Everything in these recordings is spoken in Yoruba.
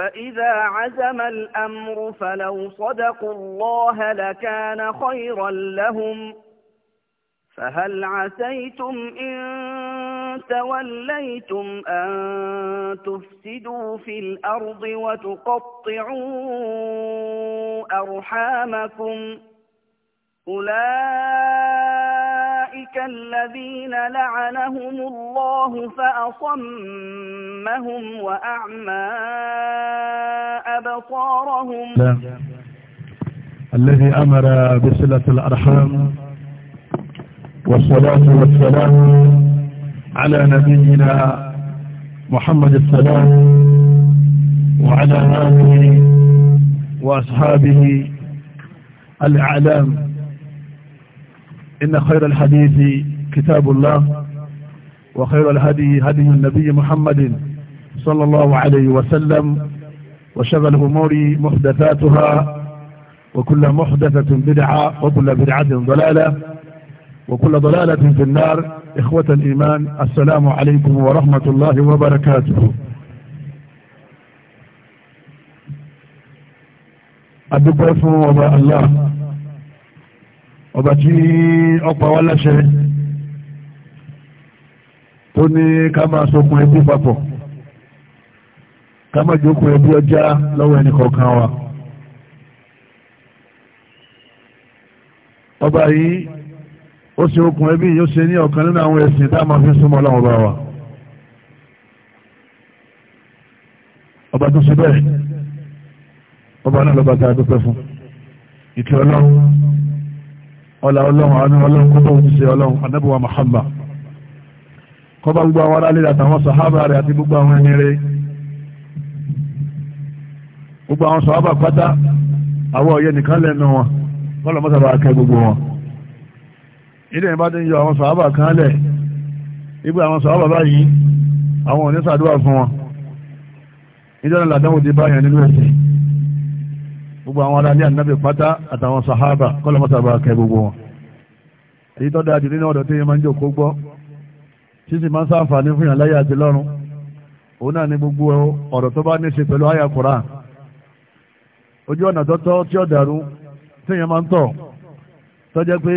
فإذا عزم الأمر فلو صدقوا الله لكان خيرا لهم فهل عسيتم إن توليتم أن تفسدوا في الأرض وتقطعوا أرحامكم أولئك أولئك الذين لعنهم الله فأصمهم وأعمى أبصارهم نعم. الذي أمر بصلة الأرحام والصلاة والسلام على نبينا محمد السلام وعلى آله وأصحابه الأعلام إن خير الحديث كتاب الله وخير الهدي هدي النبي محمد صلى الله عليه وسلم وشر الأمور محدثاتها وكل محدثة بدعة وكل بدعة ضلالة وكل ضلالة في النار إخوة الإيمان السلام عليكم ورحمة الله وبركاته أدبوا الله ọba tí ọpa wá láṣẹ tó ní ká máa sokùn ẹbí papọ̀ ká máa jókùn ẹbí ọjà lọ́wọ́ ẹnì kọ̀ọ̀kan wa ọba yìí ó ṣe okùn ẹbí yìí ó ṣe ní ọ̀kan nínú àwọn ẹ̀sìn tá a máa fi súnmọ́ ọlọ́run ọba wa ọba tó ṣe bẹ́ẹ̀ ọba náà lọ́ba tá a dúpẹ́ fún ìkẹ́ ọlọ́run ọlá ọlọ́run àánú ọlọ́run kó bá òjíṣẹ́ ọlọ́run anábíwá Muhammad kọ́ bá gbogbo àwọn aráàlú àtàwọn sàhábà rẹ̀ àti gbogbo àwọn ẹni rẹ̀ gbogbo àwọn sàhábà pátá àwọn ọ̀yẹ́ nìkan lẹ́nu wọn wọ́n lọ mọ́sàbà akẹ́ gbogbo wọn ilé ìbá ti ń yọ àwọn sàhábà kan lẹ̀ ibi àwọn sàhábà báyìí àwọn òní ṣàdúrà fún wọn ìjọ́nà làdánwò ti báyàn nínú ẹ̀sìn gbogbo àwọn aráalé ànábì pátá àtàwọn sàhábà kọ́lọ́mọ́sàbà kẹ gbogbo wọn èyí tó dáa jù nínú ọ̀dọ̀ tí yẹn máa ń jòkó gbọ́ tí máa ń sáǹfààní fún yàn láyé àti lọ́run òun náà ni gbogbo ọ̀rọ̀ tó bá ní ṣe pẹ̀lú àyà Kùránì ojú ọ̀nà tọ́tọ́ tí ó dàrú tí èèyàn máa ń tọ̀ tó jẹ́ pé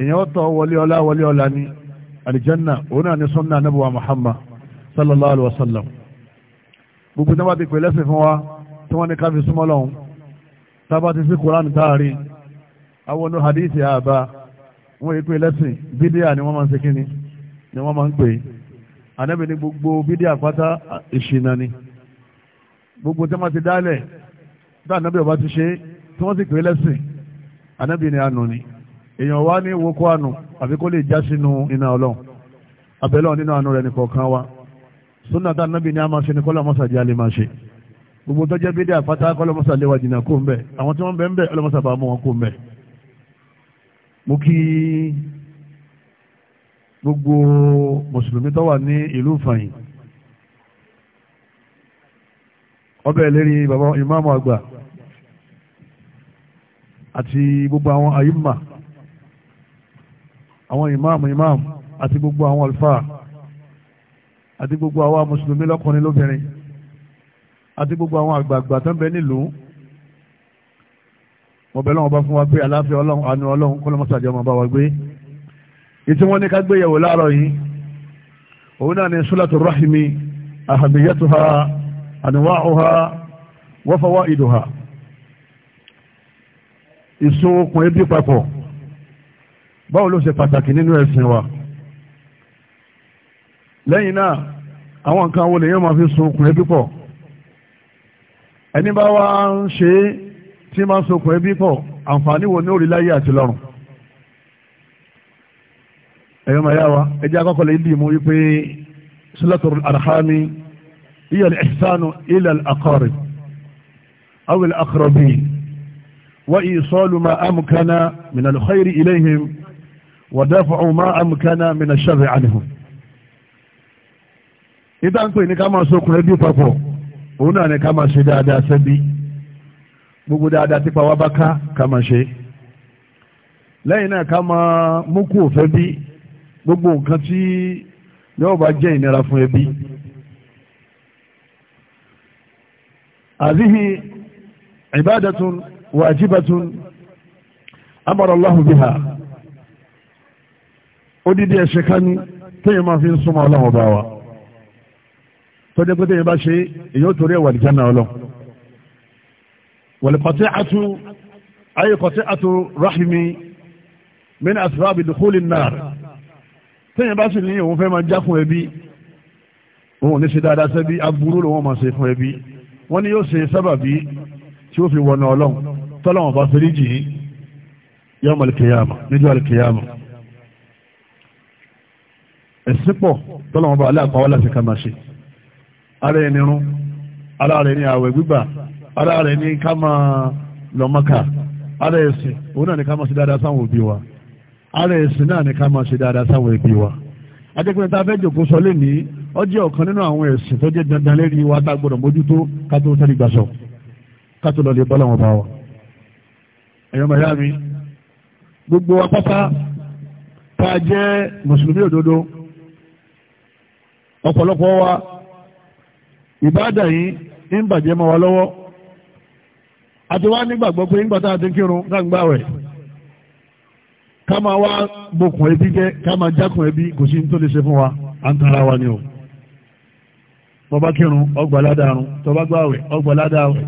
èèyàn ó tọ̀ wọlé ọlá wọlé ọlá ni àlìjánà òun náà ni sunna anábùwà Muhammad sallallahu alayhi wa sallam gbogbo tí wọ́n bá ti pè lẹ́sìn fún wa tí wọ́n ní káfí súnmọ́ lọ́hùn tábà ti sí koran táàrí àwọn hadithi àbá wọ́n yí pé lẹ́sìn bídíà ni wọ́n máa ń ṣe kíni ni wọ́n máa ń pè é ànábì ní gbogbo bídíà pátá ìṣìnà ni gbogbo tí wọ́n ti dálẹ̀ tí ànábì ọba ti ṣe tí wọ́n ti pè é lẹ́sìn ànábì ní ni èèyàn wá ní wokó ànú àbí kó lè já sínú iná ọlọ́run abẹ́lọ́ nínú àánú rẹ̀ nìkọ̀ọ̀kan wa sunna tá ànábì a máa ṣe ni kọ́lá mọ́sàdí a lè máa ṣe gbogbo tó jẹ́ bídà pátá kọ́lọ́mọ́sà lè wà jìnnà kó ń bẹ̀ àwọn tí wọ́n bẹ̀ ń bẹ̀ ọlọ́mọ́sà bá mú wọn kó ń bẹ̀. mo kí gbogbo mùsùlùmí tó wà ní ìlú fàyìn ọbẹ̀ lérí bàbá ìmáàmù àgbà àti gbogbo àwọn àyímà àwọn ìmáàmù ìmáàmù àti gbogbo àwọn àlùfáà àti gbogbo àwa mùsùlùmí lọ́kùnrin lóbìnrin àti gbogbo àwọn àgbààgbà tó ń bẹ nílùú mo bẹ̀ lọ́wọ́ bá fún wa pé àlàáfíà ọlọ́run àánú ọlọ́run kọ́ lọ́mọ́sàdì ọmọ bá wa gbé ìtí wọ́n ní ká gbé yẹ̀wò láàárọ̀ yìí òun náà ni sulatu rahimi ahamiyatuha anuwa'uha wa fawaiduha ìsun okùn ẹbí papọ̀ báwo ló ṣe pàtàkì nínú ẹ̀sìn wa lẹ́yìn náà àwọn nǹkan wo lèyàn máa fi sun okùn ẹbí pọ̀ ẹni bá wá ń ṣe é tí máa ń sokùn ẹbí pọ̀ àǹfààní wo ní orílẹ̀-ayé àti lọ́run ẹ̀yọ́ màá yá wa ẹjẹ́ akọ́kọ́ lè dì mú wípé sílẹ̀tọ̀ àràhámi iye ìsánú ilẹ̀ àkọ́rì awil akọrọ̀bì wa ìsọ́lù ma amukana min alkhairi ilayhim wa dafa'u ma amukana min asharri anhum ìdá ká máa sokùn ẹbí papọ̀ òun náà ni ká máa ṣe dáadáa sẹ́bí gbogbo dáadáa tí pàwọ́ bá ká ká máa ṣe lẹ́yìn náà ká máa mú kú òfẹ́ bí gbogbo nǹkan tí yóò bá jẹ́ ìnira fún ẹbí àdíhì ìbádatun wàjíbatun amara Allahu biha ó dídí ẹ̀ṣẹ̀ kan téèyàn máa fi ń súnmọ́ ọlọ́run bá wa tọ́jẹ́ pé tẹ́yìn bá ṣe èyí ó torí ẹ̀wà ìjánà ọlọ́ wàlùkọ̀tẹ́ àtú ayékọ̀tẹ́ àtú rahimi mẹ́ni àtúrábì dùkúlì náà tẹ́yìn bá sì ní òun fẹ́ máa já fún ẹbí òun ní ṣe dáadáa sẹ́bí aburú ló wọ́n máa ṣe fún ẹbí wọ́n ní yóò ṣe sábàbí tí ó fi wọnà ọlọ́run tọ́lọ́wọ̀n bá fẹ́rí yọmọ alìkèyàmà níjọ́ alìkèyàmà ẹ̀sìn pọ̀ tọ́lọ́wọ̀n bá aláàpáwọ́ láti ká máa ṣe ara ẹni rún ara rẹ̀ ní àwẹ̀ gbígbà ara rẹ̀ ní ká máa lọ Mákà ara ẹ̀sìn òun náà ní ká máa ṣe dáadáa sáwọn òbí wa ara ẹ̀sìn náà ní ká máa ṣe dáadáa sáwọn ẹbí wa ajẹ́pẹ́ ta fẹ́ jòkó sọ lẹ́ni ó jẹ́ ọ̀kan nínú àwọn ẹ̀sìn tó jẹ́ dandan lérí wa tá a gbọ́dọ̀ mójútó ká tó sẹ́ni gbàṣọ ká tó lọ lè bọ́lá wọn bá wa ẹ̀yọ́ màyá mi gbogbo apáta tá a jẹ́ mùsùlùmí òdodo ọ̀pọ̀lọpọ̀ wa ìbáàdà yìí ń bàjẹ́ mọ́ wa lọ́wọ́ àti wá nígbàgbọ́ pé nígbà tá a ti kírun gbàǹgbà wẹ̀ ká máa wá bokùn ẹbí jẹ́ ká máa jákùn ẹbí kò sí tó lè ṣe fún wa à ń tara wa ni o bọ́bá kírun ọgbà ládàrún tọ́bá gbàwẹ̀ ọgbà ládàwẹ̀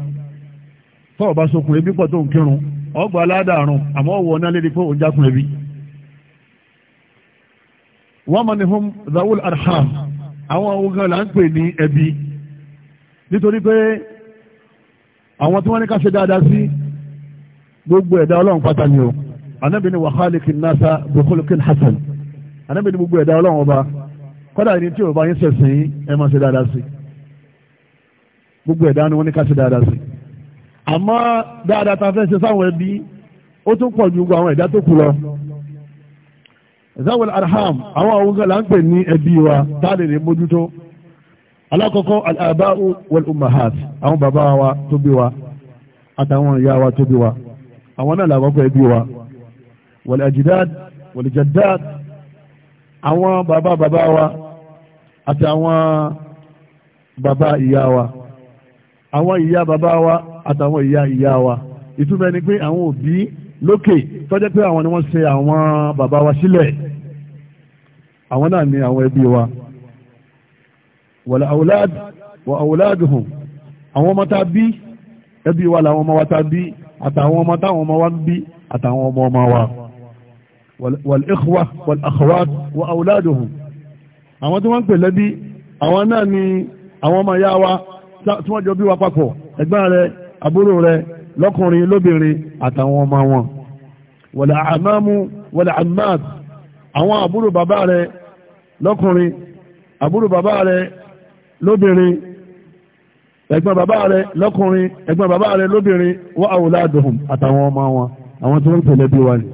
tọ́ọ̀ bá sokùn ẹbí pọ̀ tó ń kírun ọgbà ládàrún àmọ́ náà lédi pé arham àwọn ogun là ń pè ní nítorí pé àwọn tí wọ́n ní ká ṣe dáadáa sí gbogbo ẹ̀dá ọlọ́run pátá ni o anábì ni wàhálìkì nasa bukulikin hasan anábì ni gbogbo ẹ̀dá ọlọ́run ọba kọ́dà ní tí òbá yín sẹ̀sìn ẹ máa ṣe dáadáa sí gbogbo ẹ̀dá ni wọ́n ní ká ṣe dáadáa sí àmọ́ dáadáa ta fẹ́ ṣe sáwọn ẹbí ó tún pọ̀ ju gbogbo àwọn ẹ̀dá tó kù lọ zawal arham àwọn àwọn là ń pè ní ẹbí wa táà alákọ̀ọ́kọ́ al-aba'u wal-ummahat àwọn bàbá wa tó bí wa àtàwọn ìyá wa tó bí wa àwọn náà làkọ́kọ́ ẹbí wa wal-ajdad wal-jaddat àwọn bàbá bàbá wa àti àwọn bàbá ìyá wa àwọn ìyá bàbá wa àtàwọn ìyá ìyá wa ìtumọ̀ ni pé àwọn òbí lókè tọ́jẹ́ pé àwọn ni wọ́n ṣe àwọn bàbá wa sílẹ̀ àwọn náà ni àwọn ẹbí wa wọ̀lá àwòláàdì wọ àwòláàdì hàn àwọn ọmọ tá a bí ẹbí wa làwọn ọmọ wa tá a bí àtàwọn ọmọ táwọn ọmọ wa ń bí àtàwọn ọmọ ọmọ wa wọ̀lá ìkọwà wọ̀lá àkọwà wọ àwòláàdì hàn àwọn tí wọ́n ń pè lẹ́bí àwọn náà ni àwọn ọmọ ìyá wa tí wọ́n jọ bí wa papọ̀ ẹ̀gbọ́n rẹ àbúrò rẹ lọ́kùnrin lóbìnrin àtàwọn ọmọ wọn wọ̀lá àmàmù wọ̀lá àmàmù àwọn àbúrò bàbá rẹ lọ́kùnrin àbúrò bàbá rẹ lóbìnrin ẹ̀gbọ́n bàbá rẹ̀ lọ́kùnrin ẹ̀gbọ́n bàbá rẹ̀ lóbìnrin wa awladuhum àtàwọn ọmọ wọn àwọn tí wọ́n tẹ̀lé bí wa ni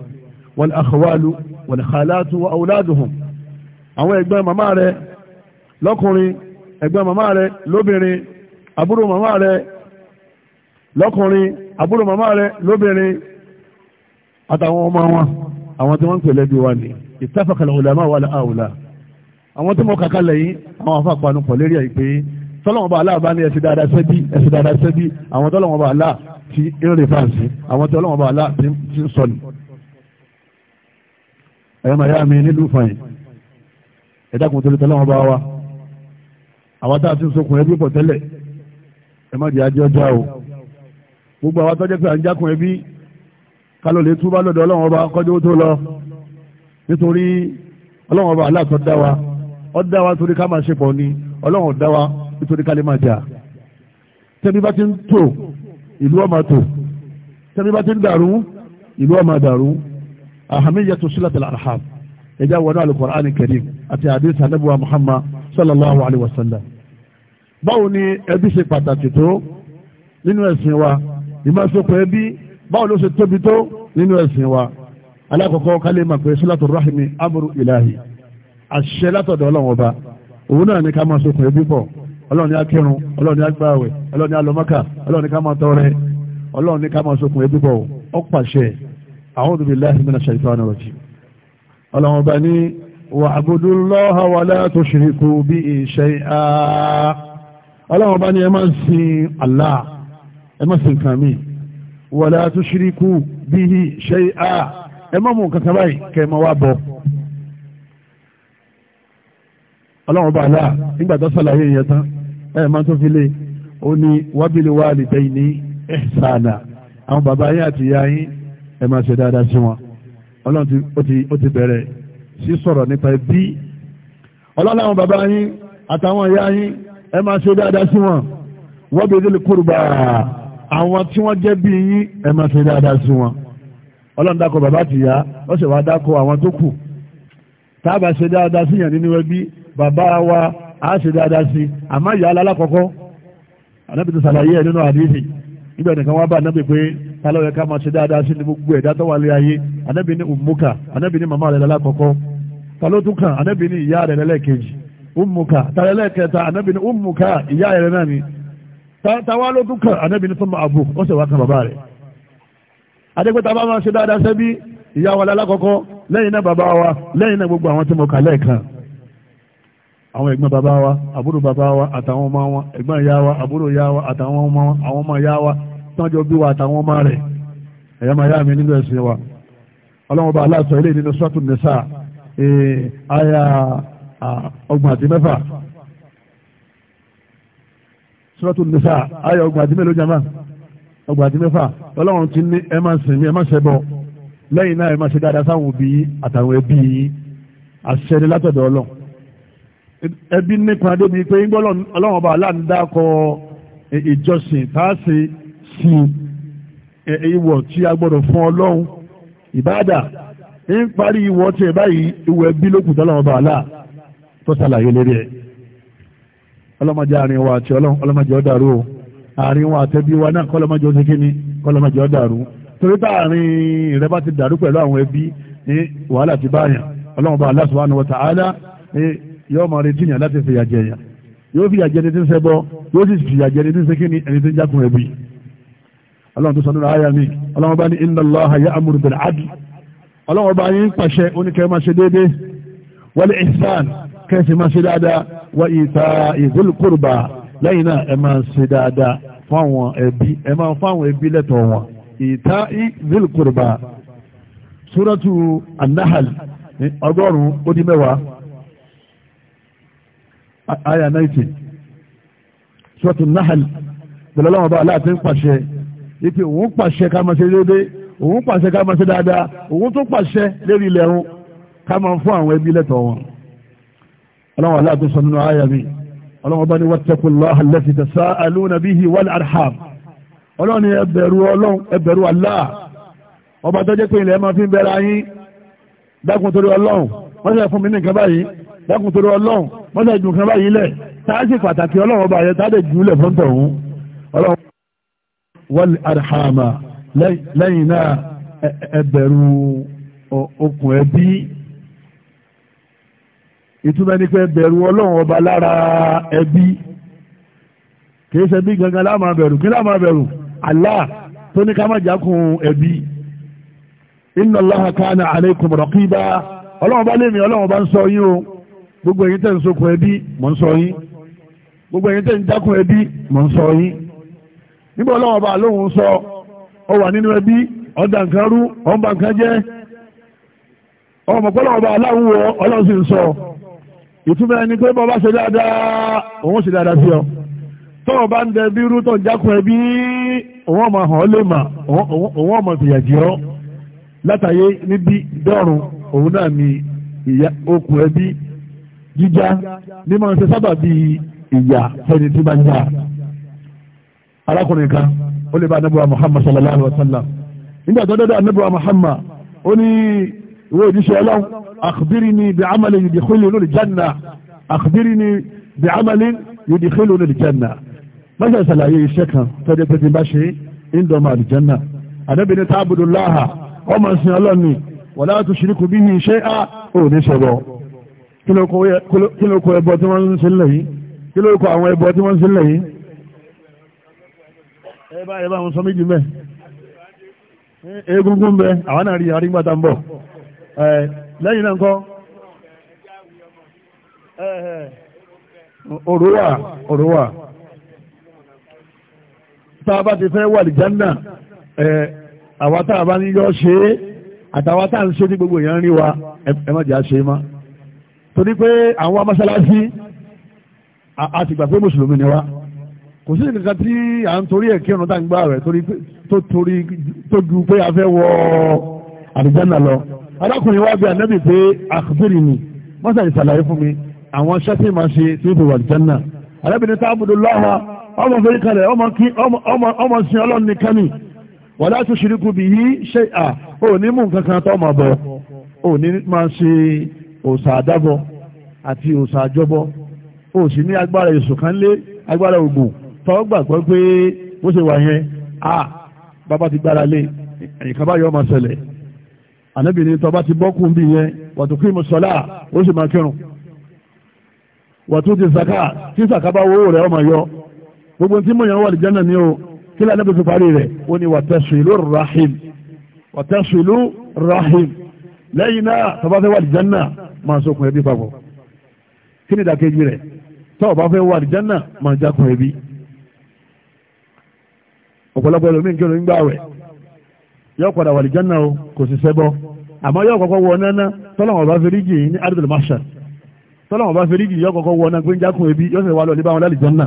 wal akhwalu wal khalatu wa awladuhum àwọn ẹ̀gbọ́n màmá rẹ̀ lọ́kùnrin ẹ̀gbọ́n màmá rẹ̀ lóbìnrin àbúrò màmá rẹ̀ lọ́kùnrin àbúrò màmá rẹ̀ lóbìnrin àtàwọn ọmọ wọn àwọn tí wọ́n tẹ̀lé bí wa ni ittafaqa al ulama wal àwọn tí mo kàkà lẹ́yìn àwọn afa panu pọ̀ lérí ẹ̀ pé tọ́lọ́wọ́n bá aláà bá ní ẹsẹ̀ dáadáa sẹ́bí ẹsẹ̀ dáadáa sẹ́bí àwọn tọ́lọ́wọ́n bá aláà ti eré fàǹsì àwọn tọ́lọ́wọ́n bá aláà ti ń sọnù. ẹ̀yọ́ màá yá mi nílùú fàyìn ẹ̀dákun tó lè tọ́lọ́wọ́n bá wa àwọn tá a ti ń sokùn ẹbí pọ̀ tẹ́lẹ̀ ẹ má di ó dá wa torí ká máa ṣe pọ̀ ni ọlọ́run ó dá wa nítorí ká lè máa jà tẹ́bí bá ti ń tò ìlú ó máa tò tẹ́bí bá ti ń dàrú ìlú ó máa dàrú ahamiyatu silatul arham ẹja wọnú alukur'an karim àti hadith anabuwa muhammad sallallahu alayhi wa sallam báwo ni ẹbí ṣe pàtàkì tó nínú ẹ̀sìn wa ìmọ̀sọ́pọ̀ ẹbí báwo ló ṣe tóbi tó nínú ẹ̀sìn wa alákọ̀ọ́kọ́ kálẹ̀ mọ̀ pé sílátù rahimi amru ilahi àṣẹ látọ̀dọ̀ ọlọ́run ọba òun náà ní ká máa sokùn ẹbí pọ̀ ọlọ́run ní á kírun ọlọ́run ní á gbààwẹ̀ ọlọ́run ní á lọ Mákà ọlọ́run ní ká máa tọrẹ ọlọ́run ní ká máa sokùn ẹbí pọ̀ ó pàṣẹ a'udhu billahi minash shaitani rajim ọlọ́run ọba ní wa'budu llaha wa la tushriku bihi shay'a ọlọ́run ọba ní ẹ máa ń sin Allah ẹ máa sin nǹkan mi wa la tushriku bihi shay'a ẹ má mú nǹkan kan báyìí kẹ́ ọlọ́run bá aláà nígbà tó sàlàyé yẹn tán ẹ̀ máa tó fi lé ó ní wábìlì wà lìdẹ́ ní ẹ̀sánà àwọn bàbá yín àti ìyá yín ẹ̀ máa ṣe dáadáa sí wọn ọlọ́run ó ti bẹ̀rẹ̀ sí sọ̀rọ̀ nípa ẹbí ọlọ́run àwọn bàbá yín àtàwọn ìyá yín ẹ̀ máa ṣe dáadáa sí wọn wábìlì kúrúbà àwọn tí wọ́n jẹ́ bí yín ẹ̀ máa ṣe dáadáa sí wọn ọlọ́run dákọ̀ bàbá àti ìyá ó sì dákọ̀ àwọn tó kù bàbá wa a ṣe dáadáa sí àmọ́ ìyá alákọ̀ọ́kọ́ anábì ti sàlàyé ẹ̀ nínú àdéhìí nígbà nìkan wá bá anábì pé tálọ́yẹ ká máa ṣe dáadáa sí ní gbogbo ẹ̀dá tó wà lé ayé anábì ní umuka anábì ní màmá rẹ̀ lálákọ̀ọ́kọ́ talótúkàn anábì ní ìyá rẹ̀ lẹ́lẹ́kejì umuka tàlẹ́lẹ́kẹta anábì ní umuka ìyá rẹ̀ náà ni tawalótúkàn anábì ní fún abu ó sì wá kan bàbá rẹ̀ adégbéta bá máa ṣe dáadáa sẹ́bí ìyá wa lálákọ̀ọ́kọ́ lẹ́yìn náà bàbá wa lẹ́yìn náà gbogbo àwọn tí mo kà lẹ́ẹ̀kan àwọn ẹ̀gbọ́n bàbá wa àbúrò bàbá wa àtàwọn ọmọ wọn ẹ̀gbọ́n ìyá wa àbúrò ìyá wa àtàwọn ọmọ wọn àwọn ọmọ ìyá wa tọ́jọ́ bí wa àtàwọn ọmọ rẹ̀ ẹ̀yà máa yá mi nínú ẹ̀sìn wa ọlọ́wọ́n bá aláṣọ ilé nínú sọ́tún nìṣà àyà ọgbọ̀n àti mẹ́fà sọ́tún nìṣà àyà ọgbọ̀n àti mélòó jama ọgbọ̀n àti mẹ́fà ọlọ́wọ́n ti ní ẹ máa sìn mí ẹ máa ṣẹbọ lẹ́yìn náà ẹ máa ṣe dáadáa sáwọn òbí àtàwọn ẹbí àṣẹ ni látọ̀dọ̀ ọlọ́run ẹbí nípa débi pé ń gbọ́lọ̀ ọlọ́run ọba aláàánú dákọ e, ìjọsìn tààsì sí e, ìwọ̀ tí a gbọ́dọ̀ fún ọlọ́run ìbáàdà ń parí ìwọ̀ tí ẹ báyìí ìwọ̀ ẹbí lókùn tọ́lọ́run ọba aláà tó ṣàlàyé lérí ẹ̀ ọlọ́mọdé àárín wa àti ọlọ́mọdé ọ̀dàrú o àárín wa àtẹ́bí wa náà kọ́lọ́mọdé ó ti kọ́lọ́mọdé ọ̀dàrú torí táàrin ìrẹ́ bá ti dàrú pẹ̀lú àwọn ẹbí ní wàhálà ti báyàn ọlọ́mọba Allah subhanahu wa ta'ala yóò máa retí yàn láti fìyà jẹ yàn yóò fìyà jẹ ẹni tí ń ṣẹbọ yóò sì fìyà jẹ ẹni tí ń ṣe kíni ẹni tí ń jákun ẹbí ọlọ́run tó sọ nínú àyà mi ọlọ́run bá ní inna Allaha ya'muru bil 'adl ọlọ́run bá yín pàṣẹ oníkẹ́ máa ṣe déédé wal ihsan kẹ́sì máa ṣe dáadáa wa ita'i dhil qurba lẹ́yìn náà ẹ máa ṣe dáadáa fáwọn ẹbí ẹ máa fáwọn ẹbí lẹ́tọ̀ọ́ wọn ita'i dhil qurba súrọ́tù an ọgọ́rùn-ún ó dín mẹ́wàá àyà 90 sọ́tù nahal pẹ̀lú ọlọ́wọ́n bá aláàtí ń pàṣẹ wípé òun pàṣẹ ká máa ṣe déédé òun pàṣẹ ká máa ṣe dáadáa òun tó pàṣẹ lérí ilẹ̀ ọ̀hún ká máa fún àwọn ẹbí lẹ́tọ̀ọ́ wọn ọlọ́wọ́n aláàtí sọ nínú àyà mi ọlọ́wọ́n bá ní wattaqullaha allati tasa'aluna bihi wal arham ọlọ́run wọ́n sì fún mi ní nǹkan mọ́tà ìdùn kan báyìí lẹ̀ táà sì pàtàkì ọlọ́run ọba yẹn táà lè jù ú lẹ̀ fún tọ̀hún ọlọ́run wal arhama lẹ́yìn náà ẹbẹ̀rù okùn ẹbí ìtumọ̀ ní pé ọlọ́run ọba lára ẹbí kìí ṣe bí gangan láàmà bẹ̀rù kí láàmà bẹ̀rù gbogbo ẹ̀yin tẹ́ ń sokùn ẹbí mọ̀ n sọ yín gbogbo ẹ̀yin tẹ ń jákùn ẹbí mọ̀ ń sọ yín nígbà ọlọ́wọ́ bá lóhùn sọ ọ wà nínú ẹbí rú nǹkan sọ ìtumọ̀ ẹni pé bá ṣe dáadáa òun ọ bá ń rú ń ẹbí òun ọmọ lè mà òun ọ jíjá ní máa ń ṣe sábà bí ìyà fẹ́ni tí máa ń yá arákùnrin kan ó lè bá anábọ̀ Muhammad sallallahu alaihi wa sallam nígbà tó dọ́dọ̀ anábọ̀ Muhammad ó ní ìwé òjíṣẹ́ ọlọ́run akhbirni bi amalin yudkhiluni al-janna akhbirni bi amalin yudkhiluni al-janna mọ́sẹ̀ ṣàlàyé iṣẹ́ kan tọ́jọ́ pé ti bá ṣe ń dọ̀mọ̀ àlùjànnà àdẹ́bìnrin táàbùdó láhà ọmọ ìsìn ọlọ́ni wala tushriku bihi kí ló kọ ẹbọ tí wọ́n ń ṣe lẹ́yìn kí ló kọ àwọn ẹbọ tí wọ́n ń ṣe lẹ́yìn ẹ bá ẹ bá wọn sọ méjì mẹ́ egungun bẹ àwọn náà rí àrígbàtà ń bọ̀ lẹ́yìn náà kọ́ òrùwà òrùwà tá a bá ti fẹ́ wà lìjánà àwa tá a bá ní yọ ṣe é tá a ń ṣe ní gbogbo èèyàn rí wa ẹ má jẹ́ àṣe máa torí pé àwọn amásálásí a ti gbà pé mùsùlùmí ni wá kò sí nǹkan tí à ń torí ẹ̀ kírun tá ń gbà rẹ̀ tó ju pé a wọ àlùjánnà lọ arákùnrin wa bí anábì pé àkùnrin ni mọ́sá ìsàlàyé fún mi àwọn ṣẹ́tì máa ṣe tí ó fi wà àlùjánnà arábìnrin táàbùdó lọ́wọ́ ọmọ fẹ́rí kalẹ̀ ọmọ sin ọlọ́run nìkan ni wà láti ṣirikú bí ṣe à ò ní mú nǹkan kan tó máa bọ̀ ò ní máa ṣe òòsà àdábọ àti òòsà àjọbọ o sì ní agbára èso kan lé agbára ògùn tọ́ gbàgbọ́ pé bó ṣe wà yẹn a bàbá ti gbára lé nǹkan báyọ̀ ọmọ ṣẹlẹ̀ ànábì ní tọ́ bá ti bọ́kùn bí yẹn wàtúkú ìmọ̀sọ́lá ó sì máa kírun wàtú ti sàká tí sàká bá owó rẹ̀ ọmọ yọ gbogbo tí mo yàn wà lè jẹ́nà ní o kí lè fi parí rẹ̀ ó ní wàtẹ́sùlù rahim wàtẹ́sùlù rahim lẹ́yìn náà tọ́ bá fẹ́ wà lè jẹ́nà máa sókun ẹbí papọ̀ kí ni ìdàkejì rẹ̀ tọ́ọ̀ bá fẹ́ wà àlìjánà máa jákun ẹbí ọ̀pọ̀lọpọ̀ ẹlòmíì kí olóyún gbààwẹ̀ yóò padà wà àlìjánà o kò sì ṣẹbọ àmọ́ yóò kọ́kọ́ wọ náná tọ́lọ́wọ̀n bá fẹ́rí jì ní adúlọ̀ masha tọ́lọ́wọ̀n bá fẹ́rí jì yóò kọ́kọ́ wọ náà pé ń jákun ẹbí yóò sì wà lọ níbà wọn lálìjánà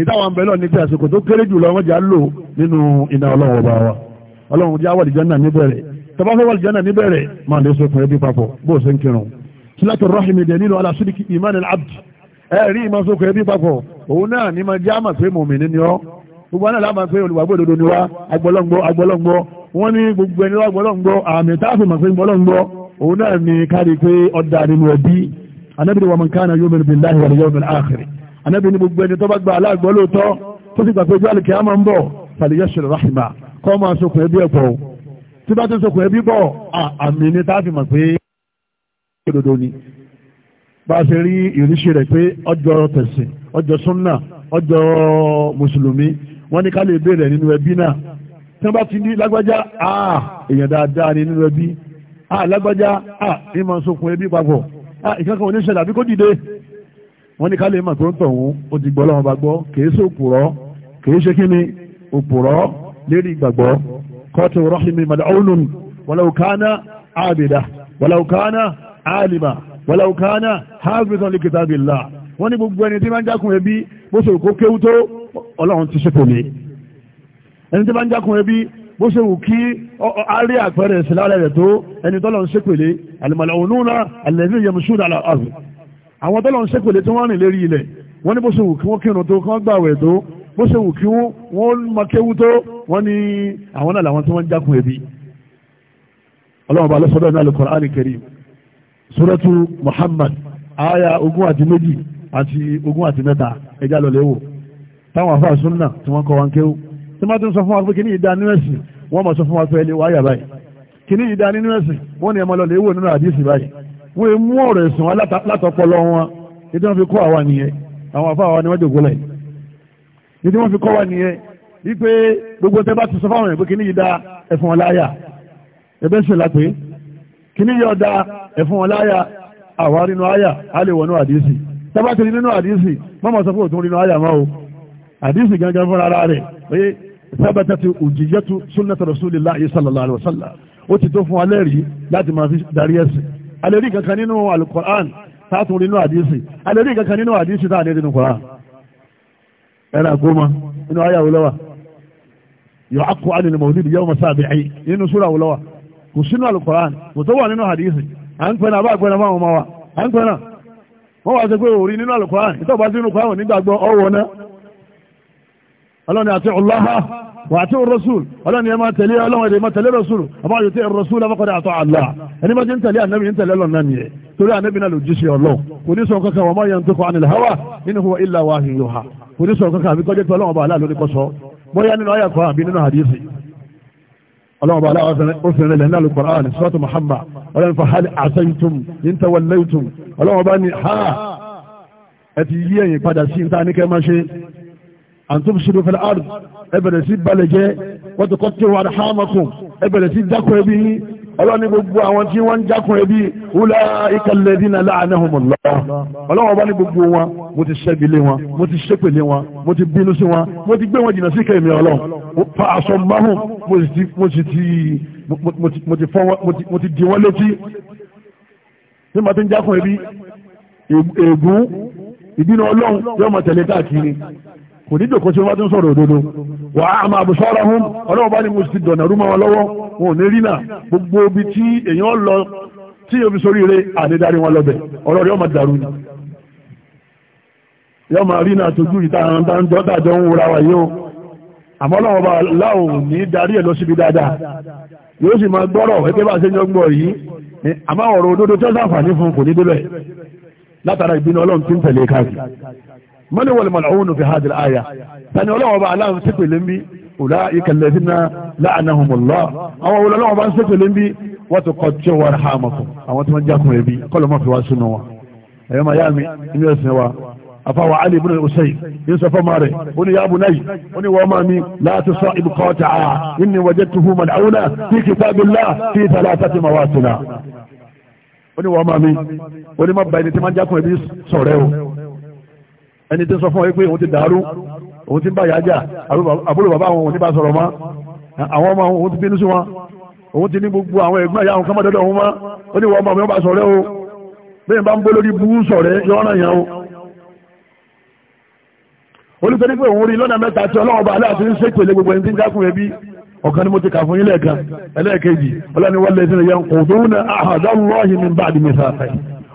ìdáwọn ń lọ ní pé àsìkò tó kéré jù lọ wọn jà lò nínú iná ọlọ́wọ̀n ọba wa ọlọ́run jẹ́ àwọ̀ àlìjánà níbẹ̀rẹ̀ tọba fẹ́ wà lìjánà níbẹ̀rẹ̀ máa lè so okùn ẹbí papọ̀ bó o ṣe ń kírun sílátò rahimi dẹ̀ nínú alásùdíkì iman al-abd ẹ rí ìmọ̀ so okùn ẹbí papọ̀ òun náà ní ma jẹ́ àmà pé mòmìnì ni ọ́ gbogbo àná làá máa pé olùwàgbọ́ òdodo ni wá agbọ́lọ́ngbọ́ agbọ́lọ́ngbọ́ wọ́n ní gbogbo ẹni lọ́gbọ́lọ́ngbọ́ àmì táàfin mà pé gbọ́lọ́ngbọ́ òun náà ní kárí pé ọ̀dà nínú ẹbí anábìrì wa man kana yu'minu billahi wal yawmil akhir anábìrì gbogbo ẹni tó bá gba aláàgbọ́ lóòótọ́ tó sì gbà pé ojú àlùkè á máa ń bọ̀ fàlìyẹ́sùn rahima kọ́ máa sokùn ẹbí ẹ̀pọ̀ tí bá tó sokùn ẹbí bọ̀ àmì ni tá a fi mọ̀ pé òdodo ni bá a ṣe rí ìrísí rẹ̀ pé ọjọ́ tẹ̀sìn ọjọ́ súnà ọjọ́ mùsùlùmí wọ́n ní ká lè béèrè nínú ẹbí náà tí wọ́n bá ti ní lágbájá àà èèyàn dáadáa ni nínú ẹbí àà lágbájá àà ìmọ̀ sokùn ẹbí papọ̀ àà ìkankan oníṣẹ̀lẹ̀ àbí kó dìde wọ́n ní ká lè mọ̀ tó ń tọ̀hún ó ti gbọ́ kọ́tù rọ́hìmì màdàúnùn wàlàukánà àbìdá wàlàukánà àlìmà wàlàukánà hafizan li kitabillah wọ́n ní gbogbo ẹni tí máa ń jákun ẹbí bó ṣe kó kéwú tó ọlọ́run ti ṣètò ní ẹni tí máa ń jákun ẹbí bó ṣe wù kí arí àpẹẹrẹ ìsìlára rẹ̀ tó ẹni tọ́lọ̀ ń ṣépèlé àlùmọ̀lẹ́wọ̀núnà yẹmùsùn àlà àrùn àwọn tọ́lọ̀ ń tí wọ́n rìn lérí ilẹ̀ wọ́n ní bó ṣe wù kí wọ́n kírun tó kí wọ́n gbàwẹ̀ tó bó ṣe wù kí wọ́n máa kéwú tó wọ́n ní àwọn náà làwọn tí wọ́n ń jákun ẹbí ọlọ́run ọba lọ́sọ̀dọ̀ ní al-Qur'an al-Karim Muhammad aya ogún àti méjì àti ogún àti mẹ́ta ẹja lọ léwò táwọn àfáà súnà tí wọ́n kọ́ wọn kéwú tí wọ́n ti ń sọ fún wa pé kí ní ìdá nínú ẹ̀sìn wọ́n máa sọ fún wa pé ẹlẹ́wọ̀ ayà báyìí kí ní ìdá nínú ẹ̀sìn wọ́n ní ẹ ní tí wọ́n fi kọ́ wa nìyẹn wípé gbogbo tẹ́ bá ti sọ fáwọn ẹ̀pẹ́ kìíní yìí dá ẹ̀fún wọn láyà ẹ̀bẹ́ sì la pé kìíní yìí ọ̀dà ẹ̀fún wọn láyà àwárí nínú àyà á lè wọ̀ nínú àdìsí tẹ́ bá ti rí nínú àdìsí mọ́mọ́ sọ fún òtún rí àyà máa o àdìsí gangan fúnra ara rẹ̀ oye sábàtà ti òjìyẹ́tu sunnata rasulillahi sallallahu alaihi wasallam ó ti tó fún alẹ́ rí láti máa fi darí ẹ̀sìn alẹ́ rí kankan nínú alukur'an táàtún rí nínú àdìsí alẹ́ rí kankan nínú àdìsí táà ní rí nínú ẹ̀rọ àgọ́mọ inú ayé àwòlọ́wà yọ akọ àdìní mọ̀lúdì yọ ọmọ sáà bìí inú súra àwòlọ́wà kò sínú alukoran kò tó wà nínú hadisi à ń pẹ́nà àbá àpẹ́nà fáwọn ọmọ wa à ń pẹ́nà wọ́n wá sọ pé òrí nínú alukoran ìtọ́ bá sínú nígbàgbọ́ ọwọ́ náà ọlọ́ni àti ọlọ́ha wà tí ó rọ́sùl ọlọ́ni ẹ máa tẹ̀lé ọlọ́run èdè máa tẹ̀lé rọ́sùl ọba yóò tẹ́ rọ́sùl afọ́kọ̀dá àtọ́ àlá ẹni máa jẹ́ ń tẹ̀lé ànábì ń tẹ̀lé ọlọ́run náà nìyẹn torí ànábì náà ló jíṣẹ́ ọlọ́run kò ní sọ kankan wà máa yẹn tó kọ anil hawa nínú huwa illa wahyu yuha kò ní sọ kankan àbí kọjá tó ọlọ́run ọba aláà lórí kọsọ bóyá nínú ayà kan àbí nínú hadisi ọlọ́run ọba aláà ó fi rẹ̀ lẹ́nà al-Qur'an suratu Muhammad ọlọ́run fa hal asaytum in tawallaytum ọlọ́run ọba ni ha ẹ ti yí ẹ̀yìn padà sí ní ta ní kẹ́ máa ṣe àǹtó ṣe lófẹ́ àrùn ẹbẹ̀rẹ̀ sí balẹ̀ jẹ́ wọ́n ti kọ́ tí wọ́n àdáhámakùn ẹbẹ̀rẹ̀ sí jákùn ẹbí ọlọ́ni gbogbo àwọn tí wọ́n ń jákùn ẹbí wúlá ikẹlẹ́dínà láàánẹ́hùnmọ̀lọ́ ọlọ́wọ́ bá ní gbogbo wọn mo ti ṣẹ́bi lé wọn mo ti ṣépè lé wọn mo ti bínú sí wọn mo ti gbé wọn jìnnà sí kẹ́mi ọlọ́ fa aṣọ máhùn mo ti di wọn létí nígbà tí ń jákùn ẹbí ègún ìbínú ọlọ́run yóò kò ní jòkó tí wọ́n bá tún sọ̀rọ̀ òdodo wà á máa bù sọ́ra hún ọlọ́wọ́ bá ní mo ti dọ̀nà rú wọn lọ́wọ́ wọn ò ní rí náà gbogbo ibi tí èèyàn lọ tí yóò fi sórí rẹ àdédarí wọn lọ́bẹ̀ ọ̀rọ̀ rẹ̀ ọmọ dàrú ni na máa rí náà tójú ìta àwọn dájọ́ ń wura wa yìí o àmọ́ ọlọ́wọ́ bá láò ní darí ẹ̀ lọ dáadáa yóò sì máa gbọ́rọ̀ bá ṣe mọ́lẹ̀ wọlé mọ̀lẹ̀ òun fi hajj àyà tani ọlọ́wọ́ bá aláwọ̀ ń sépèlé ń bí ọ̀là ìkàlẹ̀ sínú láàánahùnmọ̀lọ́ àwọn olọ́wọ́ bá ń sépèlé ń bí wọ́n ti kọ́ tí ó wà hàmọ̀kù àwọn tí wọ́n jákun ẹbí kọ́lọ̀ mọ́ fi wá sínú wa ẹ̀yọ́ màá yá mi inú ẹ̀sìn wa afáwọ̀ alì ibùdó ọ̀sẹ̀yì yín sọ fọ́mà rẹ̀ ó ní yáàbù náà yìí ó ní wọ́n máa ní láti sọ ibùkọ́ ta a inú wàjẹ́ tuhu màdàúnà fi kitabillah fi tàlátà ti màwá sílá ó ní wọ́n máa ní ó ní má bàyìí ní tí má jákun ẹbí sọ̀rẹ́ o ẹni tó sọ fún ọ pé òun ti dàrú òun ti bá yájà àbúrò bàbá àwọn òun ti bá sọ̀rọ̀ mọ́ àwọn ọmọ òun ti bínú sí wọn òun ti ní gbogbo àwọn ẹ̀gbọ́n ìyá àwọn kọ́mọdọ́dọ̀ òun mọ́ ó ní wọ́n ọmọ mi ó bá sọ̀rẹ́ o bẹ́ẹ̀ bá ń bó lórí bú sọ̀rẹ́ yọ́ràn yẹn o olùtọ́ni pé òun rí lọ́nà mẹ́ta tí ọlọ́run bá aláàfin ń ṣèpèlè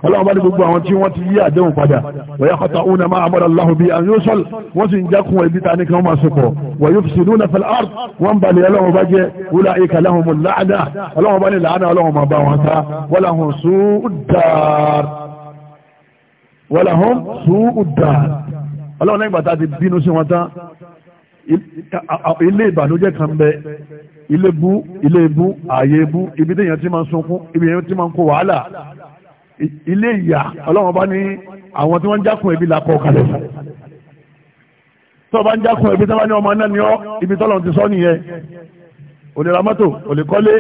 ọlọ́run bá ní gbogbo àwọn tí wọ́n ti yí àdéhùn padà wọ́n yà kọ́ta òun náà máa amọ́ra Allahu bíi àyùnsọ́l wọ́n sì ń jákun ẹbí ta ní kí wọ́n máa sopọ̀ wọ́n yóò fi sinú náà fẹ́lẹ́ art wọ́n ń balẹ̀ ọlọ́run bá jẹ́ wúlà ìkà láhùn mú láàdá ọlọ́run bá ní láàdá ọlọ́run máa bá wọn ta wọ́làhùn sùúdàr wọ́làhùn sùúdàr ọlọ́run náà ìgbàta ti bínú sí wọn tán ilé ìbànújẹ́ kan bẹ ilé bú ilé bú ààyè bú ibi tí èèyàn ti máa ń sunkún ibi èèyàn ti máa ń kó wàhálà ilé ìyà ọlọ́run bá ní àwọn tí wọ́n ń jákun ẹbí la kọ́ kalẹ̀ fún tó bá ń jákun ẹbí tó bá ní ọmọ náà ní ọ ibi tọ́lọ̀ ti sọ nìyẹn olèrà mọ́tò olèkọ́lé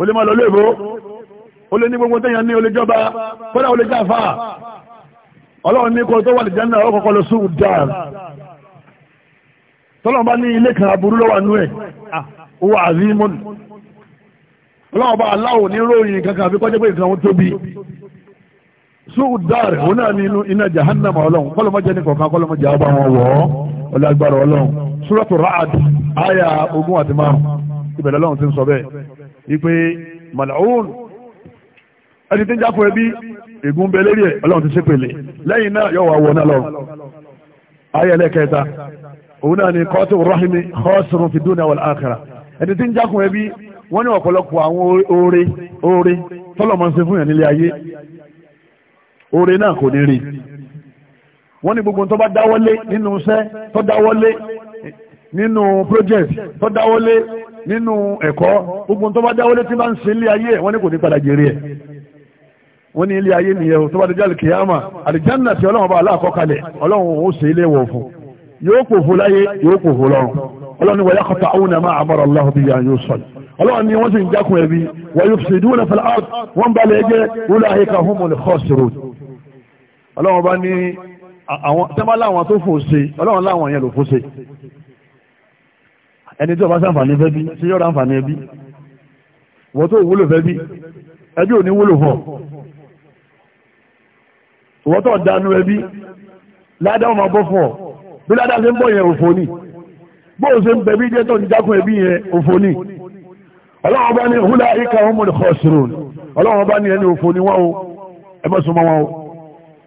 olè máa lọ léèbó olè ní gbogbo téèyàn ní olè jọba kódà olè jáfa ọlọ́run ní kó tó wà lìjánná ọkọ̀ọ̀kọ̀ lọ sùn dáa tọ́lọ̀ bá ní ilé kan aburú lọ́wọ́ àánú ẹ̀ wà á mọ́nù ọlọ́ọ̀bá aláwò ní ròyìn kankan àfi kọ́jọ́ pé nǹkan tóbi sóòdàr òun náà ní inú iná jahannama ọlọ́run kọ́lọ́mọ́jẹ́ ní kọ̀ọ̀kan kọ́lọ́mọ́jẹ́ ọba wọn wọ̀ ọ́ ọlágbára ọlọ́run súrọ́tù ra'ad àyà ogún àti márùn ìbẹ̀rẹ̀ ọlọ́run ti ń sọ bẹ́ẹ̀ ipe malaun ẹni tí ń jápọ̀ ẹbí ègún bẹ lérí ẹ̀ ọlọ́run ti ṣépele lẹ́yìn náà yóò wà wọ náà lọ́run àyà ẹlẹ́kẹta òun náà ní kọ́tù rahimi khasrun fi dunya wọ́n ní ọ̀pọ̀lọpọ̀ àwọn oore oore tọ́lọ̀ máa ṣe fún yàn nílé ayé oore náà kò ní rí wọ́n ní gbogbo tó bá dáwọ́lé nínú iṣẹ́ tó dáwọ́lé nínú project tó dáwọ́lé nínú ẹ̀kọ́ gbogbo tó bá dáwọ́lé tí máa ń ṣe ilé ayé wọ́n ní kò ní padà jèrè ẹ̀ wọ́n ní ilé ayé nìyẹn tó bá dé àlìjánà tí ọlọ́run bá aláàkọ́kalẹ̀ ọlọ́run ṣe ilé wọ̀ fún yóò láyé yóò kọta àwọn àmọ́ràn ọlọ́run ni wọ́n sì ń jákun ẹ̀bí wọ́n yóò fi dúró náà fẹ́lá áàt wọ́n bá lẹ́jẹ́ wọ́n láàyè ká hún mọ̀lẹ̀ kọ́sìrò ọlọ́run bá ní àwọn tẹ́mọ́ láwọn tó fò ṣe ọlọ́run láwọn yẹn ló fò ṣe ẹni tí ọba sàǹfààní fẹ́ bí ṣé yọ̀rọ̀ àǹfààní ẹbí wọ́n tó wúlò fẹ́ bí ẹbí ò ní wúlò fọ́ wọ́n tó dánú ẹbí ládàá ọmọ bọ́ fọ́ bí ládàá ṣe ń bọ̀ yẹn òfò ní bóun ń bẹ bí jẹ́ tó ń jákun ẹbí yẹn òfò ní ọlọ́wọ́n bá ní húlá ìka ọmọ ní kọ́sìrò ọlọ́wọ́n bá ní ẹni òfò ní wọ́n o ẹ bá súnmọ́ wọn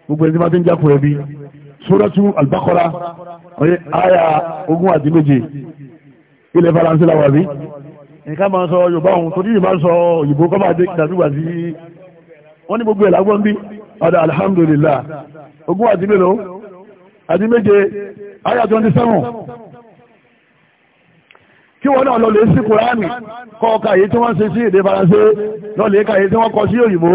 o gbogbo ẹni tí wọ́n ti ń jákò ẹbí sórọ́tù albakora ọyẹ àyà ogún àti méje ilẹ̀ faransé làwọn àbí nǹkan máa ń sọ yorùbá òun torí ìbá ń sọ òyìnbó kọ́ máa dé dàbíwà sí wọ́n ní gbogbo ẹ̀ lágbọ́n bí ọ̀dà alhamdulillah ogún àti méje àyà twenty seven kí wọ́n náà lọlẹ̀ sí kùránì kọ́ kàyé tí wọ́n ṣe sí èdè faransé lọlẹ̀ kàyé tí wọ́n kọ sí òyìnbó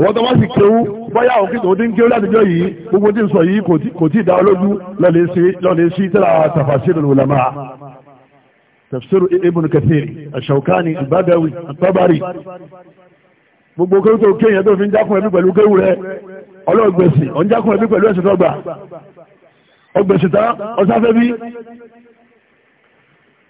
wọ́n tó wá sì kéwú bọ́yá òkè tó ti ń kéwú látijọ́ yìí gbogbo tí ń sọ yìí kò tí ì dá olójú lọlẹ̀ sí tẹ́lá tafsirul ulama tafsir ibn kathir ash-shawkani al-badawi at-tabari gbogbo kéwú tó kéyàn tó fi ń jákun ẹbí pẹ̀lú kéwú rẹ ọlọ́ọ̀gbẹ̀sì ọ̀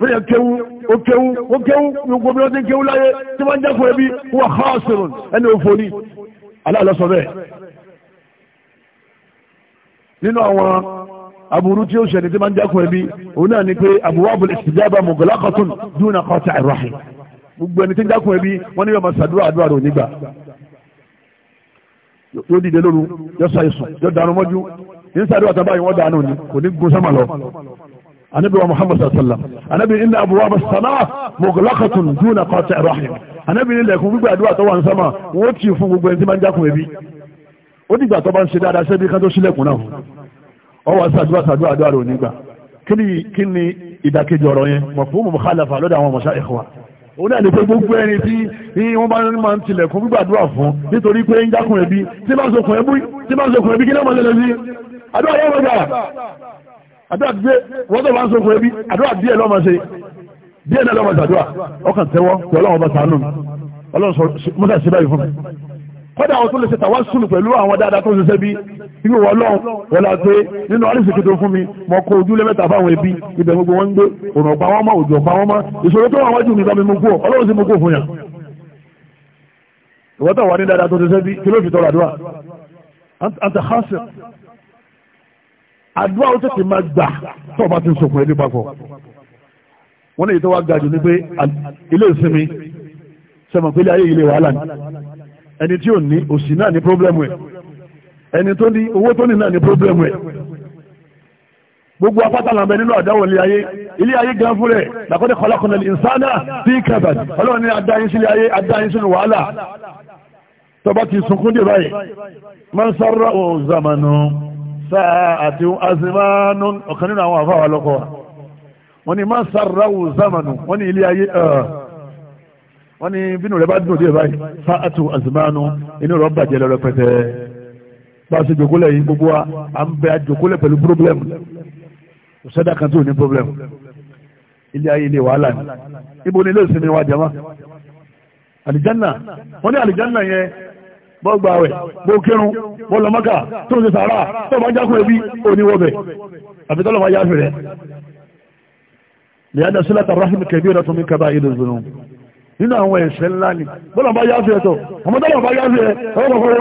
bí yẹn kéwú ó kéwú ó kéwú gbogbo bí wọ́n ti kéwú láyé tí wọ́n ń jẹ́ fún ẹbí wọ́n ha ọ̀sẹ̀rùn ẹni òfò ní aláàlọ́sọ bẹ́ẹ̀ nínú àwọn aburú tí ó ṣẹlẹ̀ tí wọ́n ń jẹ́ fún ẹbí òun náà ni pé abuwabul istijaba mughlaqatun duna qati'ir rahim gbogbo ẹni tí ń jákun ẹbí wọ́n ní ọmọ sàdúrà àdúrà rò nígbà yóò dìde lóru yóò sàìsùn yóò anabi wa muhammad sallam anabi inna abwaaba as-salaa mughlaqatun duna qati' rahim anabi ní lẹ̀kùn gbígbà àdúrà tó wà ní sámà wọ́n ti fún gbogbo ẹni tí máa ń jákun ẹbí ó dìgbà tó bá ń ṣe dáadáa sẹ́bí kan tó sílẹ̀kùn náà ọ wà sàdúrà sàdúrà àdúrà rò nígbà kí ni ìdàkejì ọ̀rọ̀ yẹn mafhumu mukhalafa lọ́dọ̀ àwọn mashayikh wa òun náà ní pé gbogbo ẹni tí wọ́n bá ní máa ń tilẹ̀kùn gbígbàdúrà fún nítorí pé ń jákun ẹbí tí máa ń sokùn ẹbí kí náà máa lẹ́lẹ́ sí àdúrà yẹn wọ́n gbà àdúrà gbé wọ́n tó bá ń sọ̀kọ̀ ẹbí àdúrà díẹ̀ lọ́mọ ṣe díẹ̀ náà lọ́mọ ṣàdúrà ọkàn tẹ́wọ́ pé ọlọ́run bá sànù ọlọ́run sọ mọ́tà ṣe báyìí fún mi. kọ́dà àwọn tó lè ṣe tàwásùlù pẹ̀lú àwọn dáadáa tó ń ṣiṣẹ́ bí ibi wọ́n lọ́run wọ́n la pé nínú àrísìkí tó fún mi mọ kó ojúlé mẹ́ta fáwọn ẹbí ibẹ̀ gbogbo wọn ń gbé òrùn ọ̀pá wọn mọ́ òjò ọ̀pá wọn mọ́ ìṣòro tó wà wájú mi bá mi mú kú ọ ọlọ́run sì mú kú fún yàn. ìwọ́tọ̀ wà ní dáadáa tó ṣiṣẹ́ bí kí ló fi tọrọ àdúrà. àǹtà àdúrà ó tètè máa gbà tó o bá ti ń sọkùn ẹbí papọ̀ wọ́n lè tó wá gajù ní pé ilé ìsinmi sẹ́mọ̀ pé ayé ilé wàhálà ni ẹni tí ò ní òsì náà ní pírọ́blẹ́mù ẹ̀ ẹni tó ní owó tó ní náà ní pírọ́blẹ́mù ẹ̀ gbogbo apáta làǹbẹ nínú àdáwò ilé ayé ilé ayé gan fún rẹ̀ kọlákùnrin ìnsánà tí kẹfàdì ọlọ́run ní adáyín sílé ayé adáyín sínú wàhálà tọba ti sunkún dè báyìí máa ń sáré sáàtì azimánú ọ̀kan nínú àwọn àfáwà lọ́kọ̀ wa wọ́n ní má sàráwù zamanu wọ́n ní ilé ayé wọ́n ní bínú rẹ̀ bá dùn díẹ̀ báyìí sáàtì azimánú inú rọ̀ bàjẹ́ lọ́rọ̀ pẹ̀tẹ́ bá a ṣe jòkólẹ̀ yìí gbogbo wa à ń bẹ àjòkólẹ̀ pẹ̀lú pírọ́blẹ́mù òṣèdá kan tó ní pírọ́blẹ́mù ilé ayé ilé wàhálà ni ibo ni ilé ìsinmi wa jama àlìjánà wọ́n bọ́ gbà rẹ̀ bó kírun bọ́ lọ mọ́kà tó ń ṣe sàárà tó bá jákùn ẹbí oníwọ̀bẹ̀ àbí tọ́lọ̀ bá yáfẹ́ rẹ̀ lẹ́yìn sílẹ̀ tàbí kẹbí rẹ̀ tó mi kaba ilé ìzùnú nínú àwọn ẹ̀ṣẹ̀ ńlá ni bọ́lọ̀ bá yáfẹ́ ẹ̀tọ́ ọmọ tọ́lọ̀ bá yáfẹ́ ẹ̀ ọwọ́ kọ̀ọ̀kọ̀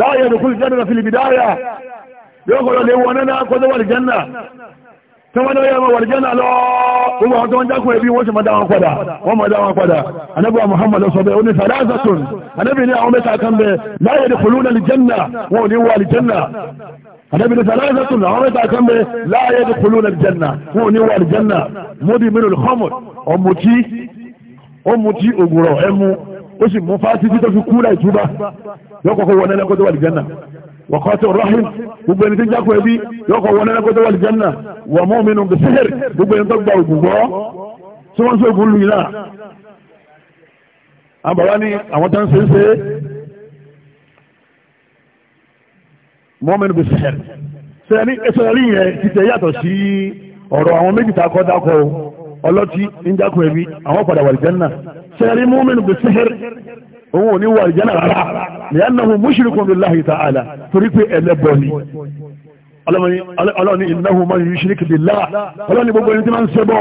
wọn ẹ̀kọ́ tó wà fìlìbìdáyà yóò kọ́ lọ lè wọ́n náà kọ́ tó wà lìjánà tí wọ́n lọ́yẹ̀ wà lìjánà lọ gbogbo àwọn tó wọ́n jákùn ẹbí wọ́n muhammadu sọ bẹ́ẹ̀ ó ní mẹ́ta kan bẹ́ẹ̀ láyé ní kùlú na lìjánà wọn ò ní wà lìjánà anábí ní sàdásàtún àwọn mẹ́ta kan bẹ́ẹ̀ láyé ní kùlú na lìjánà wọn ò ní wà lìjánà mọ́bí mìíràn lùkọ́mùd ọmùtí ọmùtí ògùrọ̀ ẹmu ó sì mú fásitì tó fi kú láì túbá yọkọ̀kọ̀ wọn ẹlẹ́kọ́ wọ̀kọ́tí ọ̀rọ̀hìn gbogbo ẹni tí ń jákò ẹbí yọkọ̀ wọn ẹranko tó wà lìjánà wà mọ́ mi nù bí sẹ́hẹ̀r gbogbo ẹni tó gba ògùn gbọ́ tí wọ́n ń sóògùn lù yìí náà. àwọn bàbá ní àwọn tó ń ṣe ń ṣe mọ́ mi nù bí sẹ́hẹ̀r sẹ́yìn ní ẹsẹ̀ rí yẹn ti tẹ̀ yàtọ̀ sí ọ̀rọ̀ àwọn méjì tá a kọ́ dákọ̀ ọlọ́tí ń jákò ẹbí àwọn padà wà lìjánà sẹ́yìn mọ́ mi nù bí sẹ́hẹ̀r òun ò ní wọ ìjẹ́nà rárá li'annahu mushrikun billahi ta'ala torí pé ẹlẹ́bọ ni ọlọ́ni innahu man yushrik billah ọlọ́ni gbogbo ẹni tí máa ń ṣẹbọ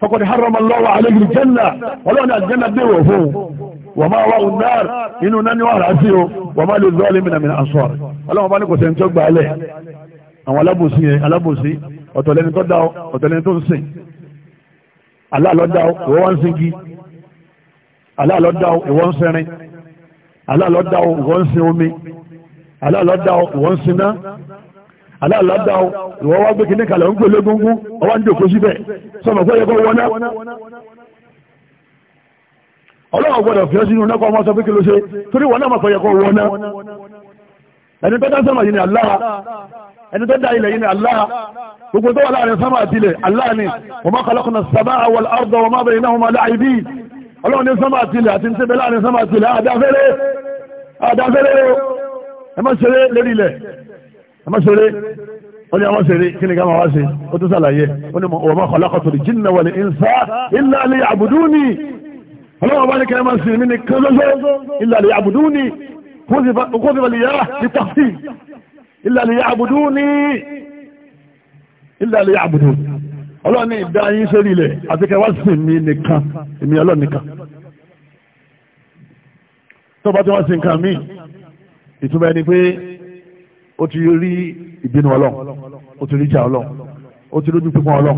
faqad harrama Allahu alayhi al-janna ọlọ́ni àjẹ́nà déwò fún wa ma'wahu an-nar inú náà ni wọ́n rà sí o wa ma lil-zalimina min ansar ọlọ́wọ́n bá aláàlọ́dá ìwọ́n sẹ́rin aláàlọ́dá ìwọ́n sin omi aláàlọ́dá ìwọ́n siná aláàlọ́dá ìwọ́n wá gbé kí ní kalẹ̀ ń pè lógúngún ọwá ń dòkó síbẹ̀ sọmọ̀ pé ẹgbẹ́ wọná ọlọ́wọ́ gbọ́dọ̀ fi ọ́ sínú náà kọ́ ọmọ sọ pé ṣe torí wọn náà mọ̀ wọná ẹni tó dá sọ́mọ̀ yìí ni Allah ẹni tó dá ilẹ̀ yìí ni Allah gbogbo tó wà láàrin sọ́mọ̀ àti ilẹ̀ ni wa ma khalaqna ọlọ́run ní sọ́mà àtìlẹ̀ àti ní sẹ́bẹ̀lá ní sọ́mà àtìlẹ̀ àdáfẹ́rẹ́ àdáfẹ́rẹ́ o ẹ má ṣeré lérí ilẹ̀ ẹ má ṣeré ó ní àwọn ṣeré kí ni ká máa wá ṣe ó tún ṣàlàyé ó ní wa ma khalaqatul jinna wal insa illa liya'buduni ọlọ́run bá ní kẹ́rẹ́ máa sìn mí ní kan lọ́sọ́ illa liya'buduni kó sì balẹ̀ yára ní tàfí illa liya'buduni illa liya'buduni ọlọ́run ní ìdá yín sórí ilẹ̀ àti kẹwàá sì mí nìkan èmi ọlọ́run nìkan tó bá tí wọ́n sì nǹkan mí ìtumọ̀ ẹni pé ó ti rí ìbínú ọlọ́run ó ti rí ìjà ọlọ́run ó ti lójú pípọ́n ọlọ́run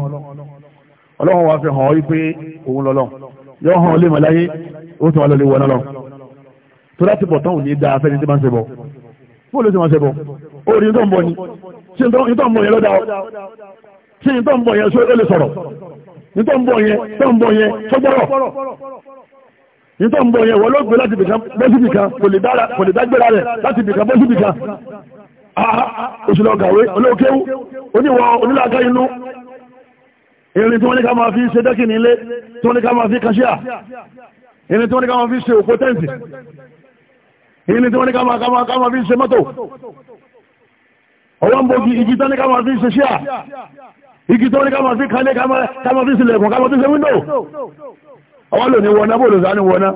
ọlọ́run wàá fi hàn ọ́ pé òun lọ́lọ́run yóò hàn ọ́ lé màláyé ó tún wà lọ́lé wọ́n náà lọ tó láti bọ̀ tán ò ní dáa fẹ́ni tí máa ń ṣe bọ̀ fún olóṣèlú máa ń ṣe bọ̀ ó rí ní tó ń bọ̀ ni ṣé ní tó ń bọ̀ yẹn lọ́dà sí ní tó ń bọ̀ yẹn sórí ó lè sọ̀rọ̀ ní tó ń bọ̀ yẹn tó ń bọ̀ yẹn sọ́gbọ́rọ̀ ní tó ń bọ̀ yẹn wọ́n ló gbé láti bìkan bọ́síbì kan kò lè dágbéra rẹ̀ láti bìkan bọ́síbì kan òṣìlọ́gàwé olóòkéwú oníwọ̀ onílàgá inú irin tí wọ́n ní ká máa fi ṣe dẹ́kì nílé tí wọ́n ní ká máa fi kàṣíà irin tí wọ́n ní ká máa fi ṣe òkú tẹ́ǹtì irin tí wọ́n ní ká máa fi ṣe mọ́tò ọwọ́n bógi igi tán ní ká máa fi ṣe ṣíà igi tó ní kámọ́ sí kálé kámọ́ sí sílẹ̀kùn kámọ́ sí ṣe wíńdò ọwọ́ lò ní wọná bóòlù sáà ní wọná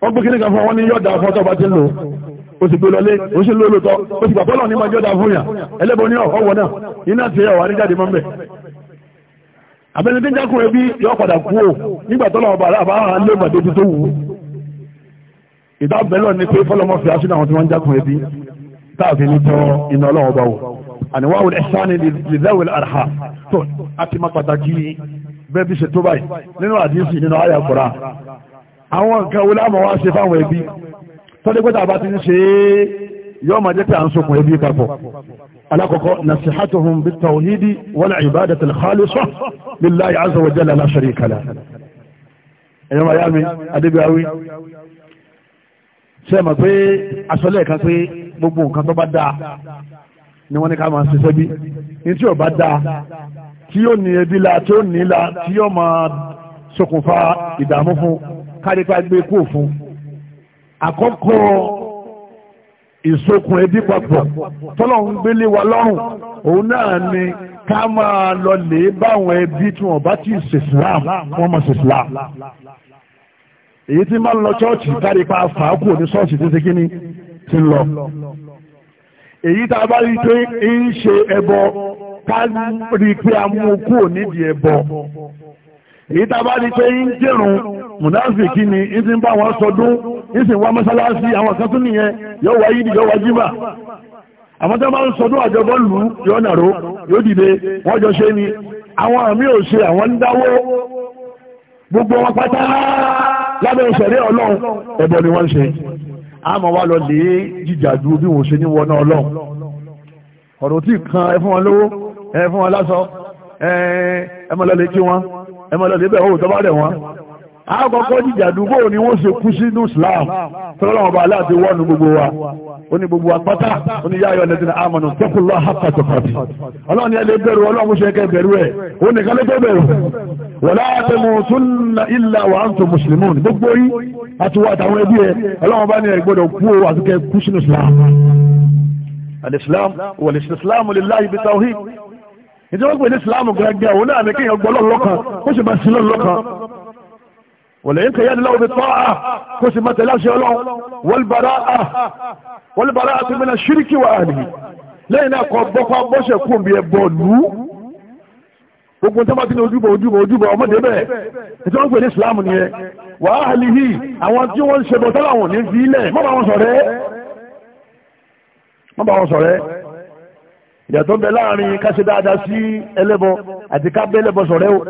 wọ́n gbé kíníkà fún wọn ní yọ̀dà fún ọtọ́ bá ti ń lò ó sì gbé lọlé ó sì lóòlò tọ́ ó sì gbàgbọ́ lọ ní máa yọ̀dà fún yà ẹlẹ́bọn ní ọwọ́ náà iná ti yà wà ní jáde mọ́mbẹ́ abẹ́ni tí ń jákùn ẹbí yọ àníwá òun ẹ̀sán li dhawi al-arham tó àti má pàtàkì bẹ́ẹ̀ bí ṣe tó báyìí nínú àdínsì nínú àyà kùrá àwọn nǹkan wo láàmú wá ṣe fáwọn ẹbí tọ́lé pé tàbá ti ń ṣe é yóò máa jẹ́ pé à ń sokùn ẹbí papọ̀ alákọ̀ọ́kọ́ nasihatuhum bit tawhidi wal ibadati al-khalisah lillahi azza wa jalla la sharika lah ẹ̀yọ́ máa yá mi adébíyáwí ṣe é mọ̀ pé aṣọ lẹ́ẹ̀kan pé gbogbo nǹkan tó bá dáa ni wọ́n ní ká máa ṣiṣẹ́ bí ní tí ọba dáa tí yóò ní ẹbí la tí ó ní la tí yóò máa ṣokùnfà ìdààmú fún kárípá gbé kú òfun àkọ́kọ́ ìsokùn ẹbí papọ̀ tọ́lọ̀ ń gbélé wa lọ́rùn òun náà ni ká máa lọ lè báwọn ẹbí tí wọ́n bá ti ṣèṣìlám wọ́n máa ṣèṣìlám èyí tí máa ń lọ ṣọ́ọ̀ṣì kárípá fàákù ní ṣọ́ọ̀ṣì tó ṣe kíní ti lọ èyí tá a bá rí pé ń ṣe ẹbọ ká rí pé a mú kúrò nídìí ẹbọ èyí tá a bá rí pé ń jẹrun mùnáfíkí ni ń ti ń bá wọn sọdún ń sì wá mọ́sálásí àwọn kan tún nìyẹn yóò wá yídì yóò wá jímà àwọn tó máa ń sọdún àjọbọ lù ú yóò nàró yóò dìde wọn jọ ṣe ni àwọn àmì ò ṣe àwọn ń dáwó gbogbo wọn pátá lábẹ́ ìṣẹ̀rí ọlọ́run ẹbọ ni wọ́n ń ṣe a máa wá lọ lè jíjà ju bí wọ́n ṣe ní wọná ọlọ́run ọ̀rọ̀ tí kan ẹ fún wọn lówó ẹ wọn láṣọ ẹ kí wọn ẹ máa lọ lè rẹ̀ wọn àkọ́kọ́ jíjà dúgbò ni wọ́n ṣe kú sínú Islam tọ́lọ́ ọba aláàtí wọ́nu gbogbo wa ó ní gbogbo apáta ó ní yáyọ lẹ́dínà àmọ̀nà tẹ́kùlọ́ hapatopati ọlọ́ni ẹ lè bẹ̀rù ọlọ́run ṣe kẹ́ bẹ̀rù ẹ̀ ó nìkan lè tó bẹ̀rù wala tamutunna illa wa antum muslimun gbogbo yí àti wà àtàwọn ẹbí ẹ ọlọ́run bá ní ẹ gbọ́dọ̀ kú o àti kẹ́ kú sínú Islam al-Islam wal-Islam lillahi bitawhid ìjọba pé ní Islam gẹ́gẹ́ òun náà ní kéèyàn gbọ́ lọ́kàn ó sì máa sí lọ́kàn wọ̀lẹ̀yìn kẹ̀yẹ́ ni láwọn tọ́ à kó sì máa tẹ̀lé àṣẹ ọlọ́run wọ́lbàrá à wọ́lbàrá àti mìíràn ṣíríkì wà ní lẹ́yìn náà kọ́ bọ́pá bọ́ṣẹ̀ kú bí ẹ bọ̀ lú gbogbo tó bá ti ní ojúbọ ojúbọ ojúbọ ọmọdé bẹ́ẹ̀ ètò wọn pè ní Islam nìyẹn wà á hàlì hì àwọn tí wọ́n ń ṣe bọ̀ sọ́làwọ̀n ní fi ilẹ̀ má bá wọn ṣọ̀rẹ́ má bá wọn ṣọ̀rẹ́ ìyàtọ̀ ń bẹ láàrin ká ṣe dáadáa sí ẹlẹ́bọ àti ká bẹ́ ẹlẹ́bọ ṣọ̀rẹ́ o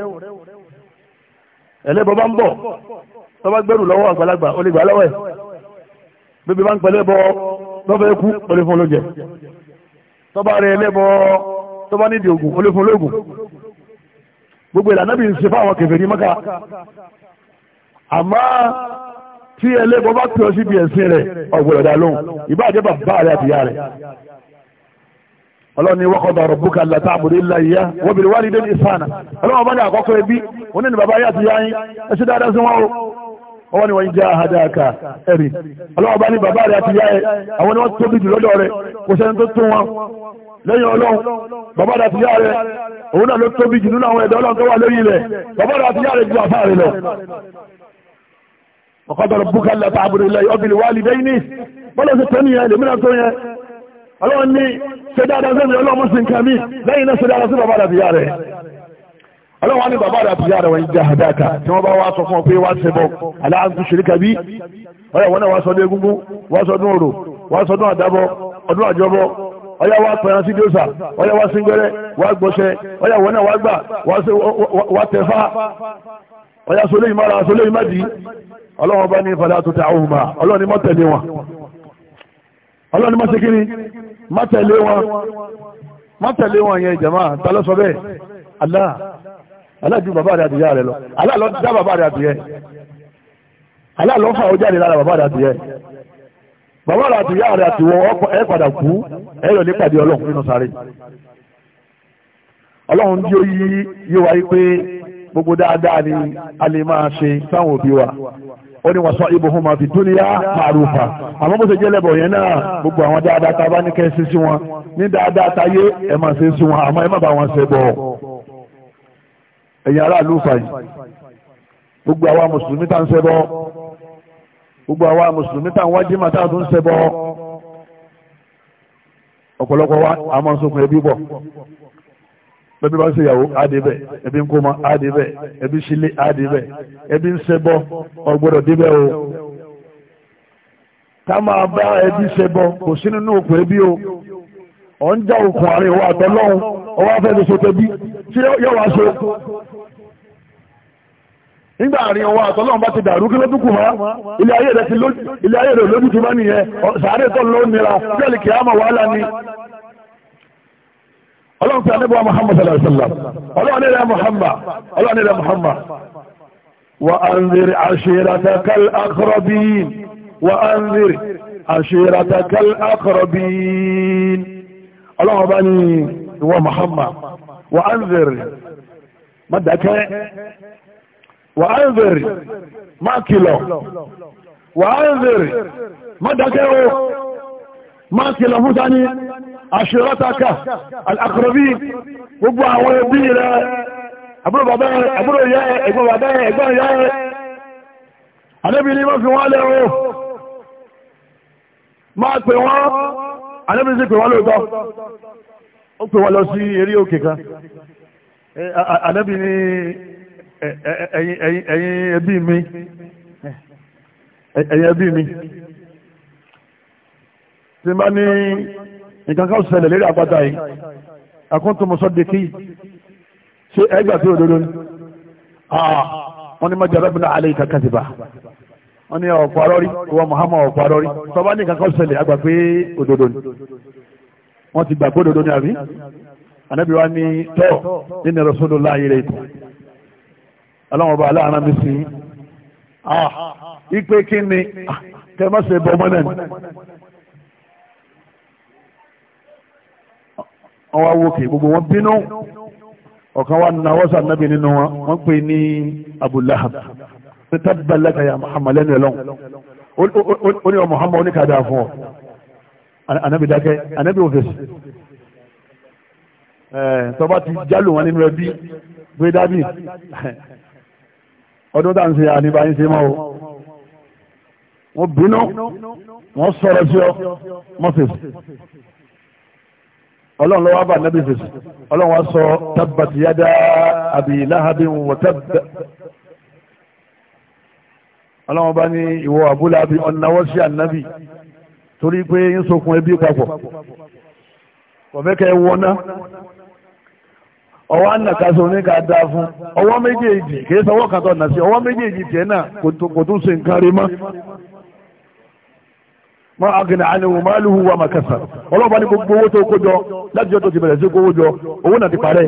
ẹlẹ́bọ bá ń bọ̀ tọ́ba gbẹ́rù lọ́wọ́ àgbàlagbà ó lè gbà lọ́wọ́ ẹ̀ bébí bá ń pẹ̀lẹ́ bọ lọ́fẹ́ kú ó lè fún lóúnjẹ tọ́ba rẹ̀ ẹlẹ́bọ tọ́ba nídìí ògùn ó lè fún lóògùn gbogbo ìlànà bí n ṣe fáwọn kèfèrí Mákà àmọ́ tí ẹlẹ́bọ bá pè ọ síbi ẹ̀sìn rẹ̀ ọ̀gbọ̀dọ̀dà lóhùn ìbáàjẹ́ bàbá rẹ̀ àtìyá rẹ̀ ọlọ́ni wọ́kọ̀dọ̀ ọ̀rọ̀ búkà látà àbúrò ilá ìyá wọ́n bèrè wálé dé ní ìsáànà ọlọ́wọ́n bá ní àkọ́kọ́ ẹbí wọn ní bàbá yàtì yá yín ẹṣẹ́ dáadáa sí wọn o ọwọ́ ni wọ́n ń já àdáàkà ẹ̀rì ọlọ́wọ́n bá ní bàbá rẹ̀ àti yá ẹ àwọn ni wọ́n tóbi jù lọ́dọ̀ rẹ̀ kò sẹ́ni tó tún wọn lẹ́yìn ọlọ́run bàbá rẹ̀ àti yá rẹ̀ òun náà ló tóbi jù nínú àwọn ẹ̀dọ́ ọlọ́run tó wà lórí ilẹ̀ bàbá rẹ̀ àti yá rẹ̀ ju àfá rẹ̀ lọ. ọ̀kọ́dọ̀rọ̀ búkà látà àbúrò ilẹ̀ ọbìnrin wálé dẹ́yìn ní bọ́lá ṣe tó ọlọ́run ní ṣe dáadáa sẹ́mi ọlọ́run sì ń kà mí lẹ́yìn náà ṣe dáadáa sí bàbá àdàbíyá rẹ̀ ọlọ́run ní bàbá àdàbíyá rẹ̀ wọ́n jẹ́ àdáka tí wọ́n bá wá sọ fún ọ pé wá ṣẹbọ aláàgùn ṣe kàbí ọyọ̀ wọn náà wá sọdún egungun wá sọdún òrò wá ọyá wa pẹ̀rán sí dóòsà ọyá wa síngẹ́rẹ́ wá gbọ́sẹ̀ ọyá wọn náà wá gbà wá tẹ̀fá ọyá sọlé ìmára sọlé ìmádìí ọlọ́run bá ní ìfàdà tó ta àwọn ọmọ ọlọ́run ní mọ́tẹ̀lé wọn ọlọ́run ní má tẹ̀lé wọn má tẹ̀lé wọn yẹn jàmáà ta bẹ́ẹ̀ Allah Allah ju bàbá rẹ̀ àdìyẹ rẹ̀ lọ Allah ló dá bàbá rẹ̀ àdìyẹ Allah ló fà ó jáde lára bàbá rẹ̀ àdìyẹ bàbá rẹ̀ àdìyẹ rẹ̀ àtiwọ́ ẹ padà kú ẹ yọ̀ nípàdé ọlọ́run nínú sáré ọlọ́run tí ó yí yé pé gbogbo dáadáa ni a lè máa ṣe sáwọn òbí wa ó ní wàsó ibuhuma fi dúníyà màrúfà àmọ́ bó ṣe jẹ́ lẹ́bọ̀ yẹn náà gbogbo àwọn dáadáa tá a bá ní kẹ́ ṣe sí wọn ní dáadáa tá a yé ẹ máa ṣe sí wọn àmọ́ ẹ má bá wọn ṣe bọ̀ ẹ̀yin aráàlú fàyè gbogbo àwa mùsùlùmí tá ń ṣe bọ̀ gbogbo àwa mùsùlùmí tá ń wájú mà tá a tún ṣe bọ̀ ọ̀pọ̀lọpọ̀ wa àmọ́ sókun ẹbí bọ̀ bẹ́bí bá ń ṣe ìyàwó àdìbẹ̀ ẹbí ń ma àdìbẹ̀ ẹbí sílé àdìbẹ̀ ẹbí ń ṣẹbọ ọgbọ́dọ̀ débẹ̀ o ká bá ẹbí ṣẹbọ kò sí nínú òkú o ọ̀ ń já òkun àárín ìwà àtọ́lọ́hún ọwọ́ afẹ́ ló so tẹbí tí yóò wá so nígbà bá ti dàrú kí ló tún kù ilé ayé ọlọ́run fún anábọ̀ muhammad sallallahu alaihi wasallam ọlọ́run nílẹ̀ muhammad ọlọ́run nílẹ̀ muhammad wa anzir ashiratakal aqrabin wa anzir ashiratakal aqrabin ọlọ́run bá ní ìwọ muhammad wa anzir mọ́dàkẹ́ wa anzir má kìlọ̀ wa anzir mọ́dàkẹ́ o má fún tani àṣírọ́tàkà àkọ̀rọ̀bí gbogbo àwọn ẹbí rẹ̀ àbúrò bàbá àbúrò yẹ ẹ̀gbọ́n bàbá ẹ̀gbọ́n yẹ Ànábì ní wọ́n fi wọ́n lẹ́rọ máa pè wọ́n Ànábì sí pè wọ́n lóòtọ́ ó pè wọ́n lọ sí eré òkè kan Ànábì ní ẹ̀yin ẹbí mi ẹ̀yin ẹbí mi ti bá ní nǹkan kan ṣẹlẹ̀ lérí àpáta yìí àkóńtò mọ́sọ́dẹ́kì ṣé ẹgbà tí òdodo ni wọ́n ní mọ́jà rẹ́bìnà alẹ́ ìka kàtìbà wọ́n ní ọ̀pọ̀ arọ́rí ìwọ Muhammad ọ̀pọ̀ arọ́rí tọ́ba ní kankan ṣẹlẹ̀ àgbà pé òdodo ni wọ́n ti gbàgbọ́ òdodo ni àbí ànábì wa ní tọ́ nínú Rasulullah rẹ̀ ìtàn aláwọ̀ ọba aláàánà mi sí i ipe kí ni kẹ́ má ṣe bọ́ mọ́nà ni. wọ́n wá wókè gbogbo wọn bínú ọ̀kan wá nà wọ́sà nábì nínú wọn wọ́n pè ní Abu Lahab títà balẹ̀kà ya Muhammad lẹ́nu ẹ̀lọ́n o ní ọ Muhammad oníkàdá fún ọ anábì dákẹ́ anábì òfèsì tọba ti jálù wọn nínú ẹbí gbé dábì ọdún tá ń ṣe àníbà yín ṣe mọ́ o wọ́n bínú wọ́n sọ̀rọ̀ sí ọ mọ́fèsì ọlọ́run lọ́wọ́ bá nábì fèsì ọlọ́run wá sọ abi lahabin ọlọ́run bá ní ìwọ Abu Lahabi ànábì torí pé ń sokun ẹbí papọ̀ kọ̀fẹ́kẹ́ wọná ọwọ́ ànàkàṣọ ní ká dáa fún ọwọ́ méjèèjì kìí sọ ọwọ́ kan nà sí ọwọ́ méjèèjì tiẹ̀ náà kò tún ṣe nǹkan rí mọ́ ma agina anihu maluhu wa makasa ọlọ́ọ̀bá ní gbogbo owó tó kó jọ láti jọ tó ti bẹ̀rẹ̀ sí kówó jọ owó náà ti parẹ́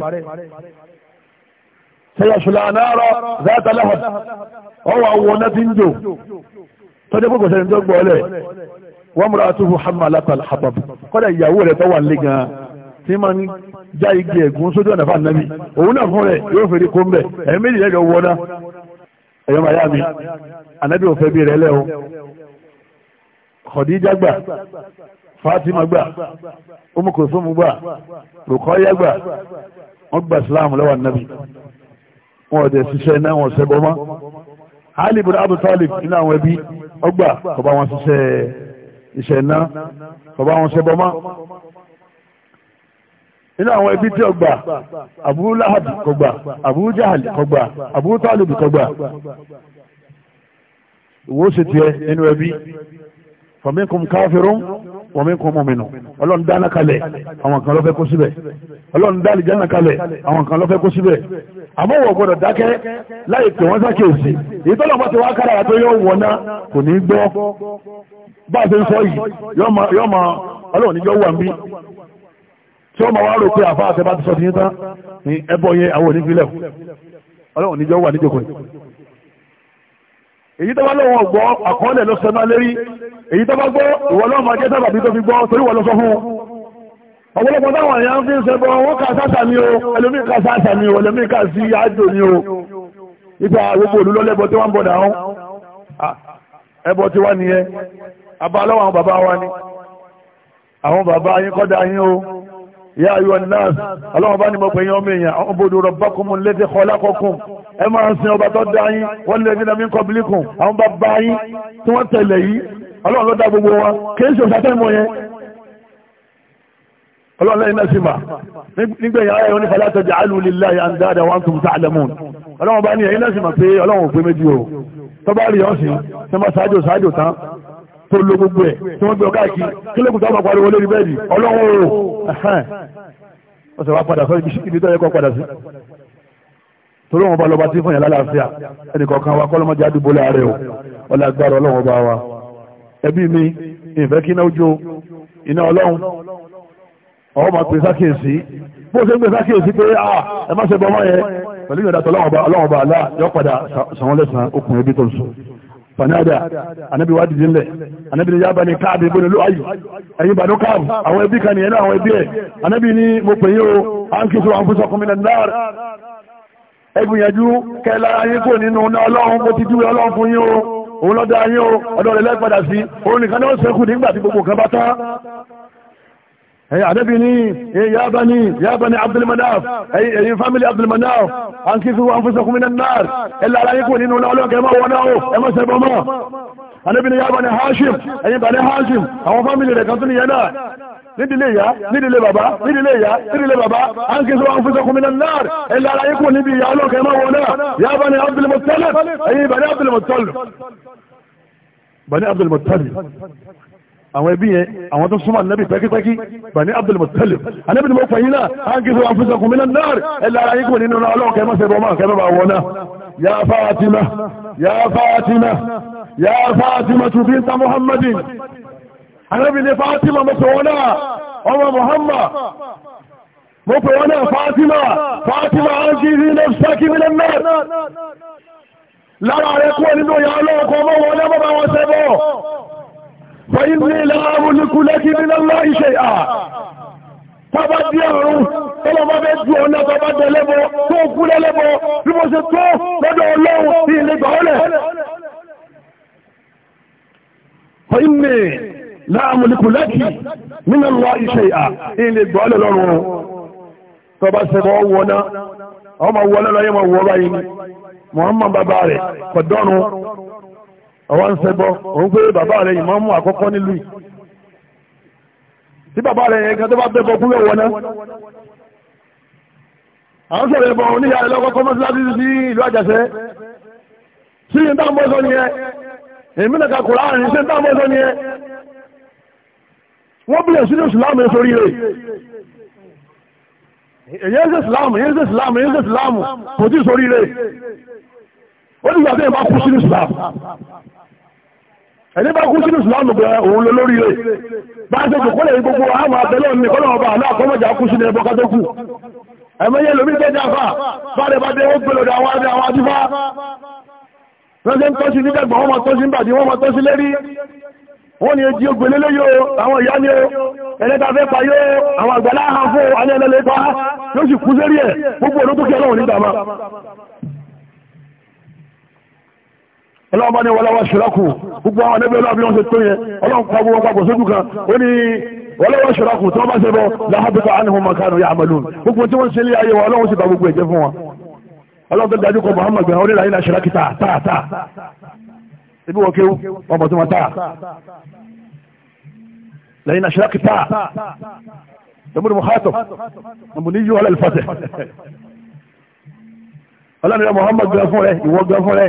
sayasula anaro zata lahab ọwọ́ àwọn náà ti ń jò tọ́jú gbogbo sẹ́yìn tó gbọ́ ọlẹ̀ wọ́n múra àtúhù hamalatal habab kọ́dà ìyàwó rẹ̀ tó wà nílé gan-an tí máa ń já igi ẹ̀gún sójú ọ̀nà fún ànábì òun náà fún rẹ̀ yóò fèrè kó ń bẹ̀ ẹ̀mí ìyẹ́jọ wọ́ná ẹ̀yọ́ màyá mi Khadija gbà Fatima gbà Umu Kulthum gbà Ruqayya gbà wọ́n gba Islam lọ́wọ́ Ànábì wọn ò dẹ̀ ṣiṣẹ́ iná wọn ṣẹbọ mọ́ Ali ibn Abi Talib nínú àwọn ẹbí ọgbà kọba wọn ṣiṣẹ́ iṣẹ́ iná kọba wọn ṣẹbọ mọ́ nínú àwọn ẹbí tí ọgbà Abu Lahab kọgbà Abu Jahal kọgbà Abu Talib kọgbà ìwọ ṣe tiẹ̀ nínú ẹbí fọmínkùn káfírún fọmínkùn mọ̀mìnà ọlọ́run dáná kalẹ̀ àwọn kan lọ́fẹ́ kó síbẹ̀ ọlọ́run dáàlì jáná kalẹ̀ àwọn kan lọ́fẹ́ kó síbẹ̀ àmọ́ wọ̀ gbọ́dọ̀ dákẹ́ láì pè wọ́n sákèèsì èyí tọ́lọ̀ bá ti wá kára àtọ́ yóò wọ̀ náà kò ní gbọ́ bá a ṣe ń sọ yìí yọ́ ma ọlọ́run níjọ́ wà ń bí tí ó ma wá rò pé àfa àtẹ bá ti sọ ti yín tán ní ẹbọ yẹn àwọn onífilẹ̀ ọlọ́run níjọ́ wà níjòkó yìí èyí tó bá lọ́wọ́ gbọ́ àkọọ́lẹ̀ ló sẹ́mọ́ lérí èyí tó bá gbọ́ ìwọ náà máa jẹ́ sábàbí tó fi gbọ́ torí wọ́n lọ sọ fún ọ̀pọ̀lọpọ̀ táwọn èèyàn fi ń sẹ́bọ̀ wọ́n kà sáàtà ní o ẹlòmíì kà sáàtà ní o ẹlòmíì kà sí àjò ní o ipa gbogbo olùlọ́lẹ́bọ tí wọ́n bọ̀dà wọn ni àwọn bàbá yín kọ́dà yín o yá ayọ̀ náà ẹ máa sin ọba tó dá yín wọ́n lè ní ẹ̀mí kọ́bílíkùn àwọn bàbá yín tí wọ́n tẹ̀lé yìí ọlọ́run ló dá gbogbo wọn kì í ṣe òṣà tẹ́mọ̀ yẹn ọlọ́run lẹ́yìn náà sì mà nígbẹ̀yìn ayẹyẹ oní fàlẹ́ àtọ́jà alùlílá àndáàdà wọn tún sàlẹ̀mùn ọlọ́run bá ní ẹ̀yìn náà sì mà pé ọlọ́run ò pé méjì o tó bá rí ọ sí ṣe máa ṣáájò ṣáájò tán tó lo gbogbo ẹ̀ tí wọ́n gbé ọgá ìkí kí lókùn tó máa pariwo lórí bẹ́ẹ̀dì ọlọ́run o ọ̀sẹ̀ wa padà sọ ibi tó yẹ kó padà torí wọn bá lọ́ba tí fún yàn lálàáfíà ẹnìkọ̀ọ̀kan wa kọ́lọ́mọdé àdúgbò láàárẹ̀ o ọlá agbára ọlọ́run bá wa ẹbí mi ìfẹ́ kí iná ojú iná ọlọ́run ọwọ́ máa pè sákèsí bó ṣe ń pè sákèsí pé à ẹ má ṣe bọ́ mọ́ yẹn pẹ̀lú ìyọ̀dàtọ̀ ọlọ́run bá alá yọ padà sàwọn lẹ́sàn-án okùn ẹbí tó ń sùn fanada anabi wa dìde nlẹ anabi ni yaba ni káàbì gbóni ló ayù ẹyin bàdó káàbù àwọn ẹbí kan nìyẹn náà àwọn ẹbí ẹ anabi ni mo pè yín o à ń kí sọ àwọn ẹgbìyànjú kẹlá ayé kò nínú ọ̀nà ọlọ́run kó ti dúró ọlọ́run fún yín o òun lọ́dọ̀ ayé o ọ̀dọ̀ rẹ̀ lẹ́gbàdà sí òun nìkan náà sẹ́kù nígbà tí gbogbo kan bá tán ẹ̀yà àdẹ́bì ní yába ní yába ní abdulmanaf ẹ̀yìn fámílì abdulmanaf an kí fi wọ́n fún sọkún mínà náà ẹ̀lá aláyé kò nínú ọlọ́ọ̀kẹ́ ẹmọ́ wọ́n náà ẹmọ́ sẹ́bọ́ mọ́ àdẹ́bì ní yába ní hashim ẹ̀yìn bàdẹ́ hashim àwọn fámílì rẹ̀ kan tún ní yẹn náà nídìílé ìyá nídìílé bàbá nídìílé ìyá nídìílé bàbá à ń kí sọ àwọn fúnṣe kùnmínà náà ẹ lára yín kù níbi ìyá ọlọ́kẹ́ máa wọ náà ìyá bani Abdul Muttalib ẹ̀yin bani Abdul Muttalib bani Abdul Muttalib àwọn ẹbí yẹn àwọn tó súnmọ́ ànábì pẹ́kípẹ́kí bani Abdul Muttalib ànábì ni mo fẹ́ yín náà à ń kí sọ àwọn fúnṣe kùnmínà náà ẹ lára yín kù nínú ọlọ́kẹ́ máa ṣe bọ́ máa kẹ́ máa wọ náà ya Fatima ya Fatima ya Fatima tu binta Muhammadin anábì ní Fatima mo pè wọ́n náà ọmọ Muhammad mo pè wọ́n náà Fatima Fatima ángírí ní ṣákí mi náà lára rẹ̀ kúrò nínú ìyá ọlọ́ọ̀kọ́ ọmọ wọn náà bàbá wọn sẹ́bọ̀ fẹ́yìn ní ìlànà olùkú lẹ́kí mi náà ìṣe à Bàbá di ọ̀run, ọlọ́mọ bẹ́ ju ọ̀nà bàbá jẹ lẹ́bọ̀ tó kú lẹ́lẹ́bọ̀ bí mo ṣe tó lọ́dọ̀ ọlọ́run ní ilé gbà ọ́lẹ̀. Fẹ́yìn ní láàmù ní kùlẹ́kì nínú lọ iṣẹ́ ìhà ilé gbọ́ọ̀lẹ̀ lọ́rùn tó bá sẹ́bọ̀ wọná ọmọ wọlé lọ yẹmọ wọ báyìí ni Muhammad bàbá rẹ̀ kọ̀dọ́rùn ọwọ́ ń sẹ́bọ̀ òun pé bàbá rẹ̀ yìí mọ́mú àkọ́kọ́ nílùú tí bàbá rẹ̀ yẹn kan tó bá bẹ́bọ̀ kúrẹ́ wọná àwọn sọ̀rọ̀ ẹ̀bọ̀ oníyà rẹ̀ lọ́kọ́ kọ́mọ́síláṣí sí ìlú àjàṣẹ́ wọ́n bí ẹ̀sìn ní ìsìláàmù ẹ̀ sórí rẹ̀ èyí ṣe ìsìláàmù èyí ṣe ìsìláàmù èyí ṣe ìsìláàmù kò tí sórí rẹ̀ ó ní ìgbà tó yẹ bá kú sínú ìsìláàmù ẹni bá kú sínú ìsìláàmù gbẹ òun lórí rẹ̀ bá ṣe kò kọ́lẹ̀ yìí gbogbo àwọn abẹ́lẹ́ òní kọ́lẹ̀ ọba aláàkọ́mọ̀jà kú sínú ẹbọ ká tó ẹ̀mẹ́yẹ lómi tẹ́ dáfà báre bá dé ó gbẹ̀lọ̀dọ̀ àwọn adé àwọn adífá lọ́sẹ̀ ń tọ́sí nígbàgbọ́ wọ́n tọ́sí ń bàdí wọ́n tọ́sí lérí wọ́n ni ejí ogun lélé yóò àwọn ìyá ni ẹlẹ́ta fẹ́ pa yóò àwọn àgbàlá hàn fún alẹ́ ẹlẹ́lẹ́ pa yóò sì kú sérí ẹ̀ gbogbo ọdún tó kí ọlọ́run ní ìdàmà ọlọ́run bá ní wọlé wọn ṣìrọ́kù gbogbo àwọn ẹgbẹ́ ọlọ́run bí tó bá ya àmàlù gbogbo tí wọ́n lé ayé gbogbo fún wọn ibi wọ́n kéwú ọmọ tí wọ́n tà lẹ́yìn àṣírá kìtà tẹ̀múrù mọ̀hátọ̀ ọmọ ní yíò ọlẹ́lẹ́fàtẹ̀ ọlọ́nà Muhammad gan fún rẹ ìwọ gan fún rẹ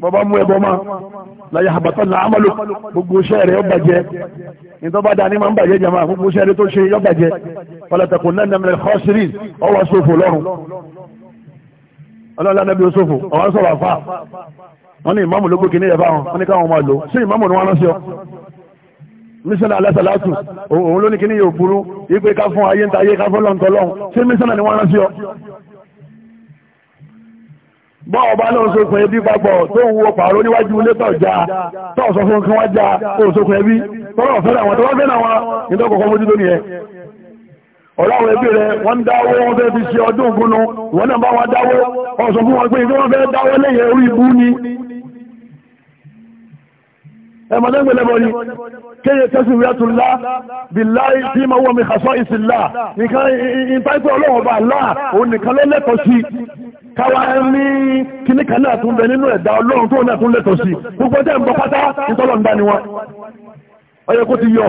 bọ́bá mú ẹbọ máa láyé àbàtọ̀ náà ámàlò gbogbo iṣẹ́ rẹ̀ ó bàjẹ́ ìtọ́ bá dání máa ń bàjẹ́ jama gbogbo iṣẹ́ rẹ̀ tó ṣe yó bàjẹ́ ọlọ́tẹ̀kùn náà nàmìlẹ̀ kọ́sírì ọwọ́ sófò lọ́rùn ọlọ́lá nàbí sófò ọwọ́ sọ̀rọ̀ àfà wọ́n ní ìmáàmù ló gbókè ní ẹ̀fà wọn wọ́n ní káwọn máa lò sí ìmáàmù ni wọ́n ránṣẹ́ ọ mísánà alásàlátù òun ló ní kí ní yóò burú wípé ká fún ayé ń ayé ká fún lọ́ntọ́ lọ́hùn sí mísánà ni wọ́n ránṣẹ́ ọ bọ́ ọba náà sókun ẹbí papọ̀ tó ń wo pààrọ̀ níwájú ilé tọ̀ já tọ́ sọ fún kí wọ́n já ó sókun ẹbí tọ́lọ̀ fẹ́rẹ̀ àwọn tó wọ́n fẹ́rẹ̀ àwọn ìdọ́kọ̀ọ́kọ́ mójú lónìí ẹ̀ ọ̀láwọ̀ ẹbí rẹ̀ wọ́n dáwó wọ́n fẹ́ fi ṣe ọdún ògúnnú ìwọ́n náà bá wọn dáwó ọ̀sọ̀ fún wọn pé ìgbé wọn fẹ́ dáwó lẹ́yìn orí ibú ni ẹmọ̀lẹ́gbẹ̀lẹ́bọ̀ ni kéye tẹ́sí wíyàtúlá bí láì tí ma wọ́n mi kàṣọ́ ìsìnlá nìkan ìpáìpẹ́ ọlọ́wọ̀bà láà òun nìkan ló lẹ́tọ̀ọ́ sí káwa ní kíníkan náà tún bẹ nínú ẹ̀dá ọlọ́run tó náà tún lẹ́tọ̀ọ́ sí gbogbo tẹ́ ń bọ pátá ìtọ́lọ̀ ń dá ni wọn ọyẹ kó ti yọ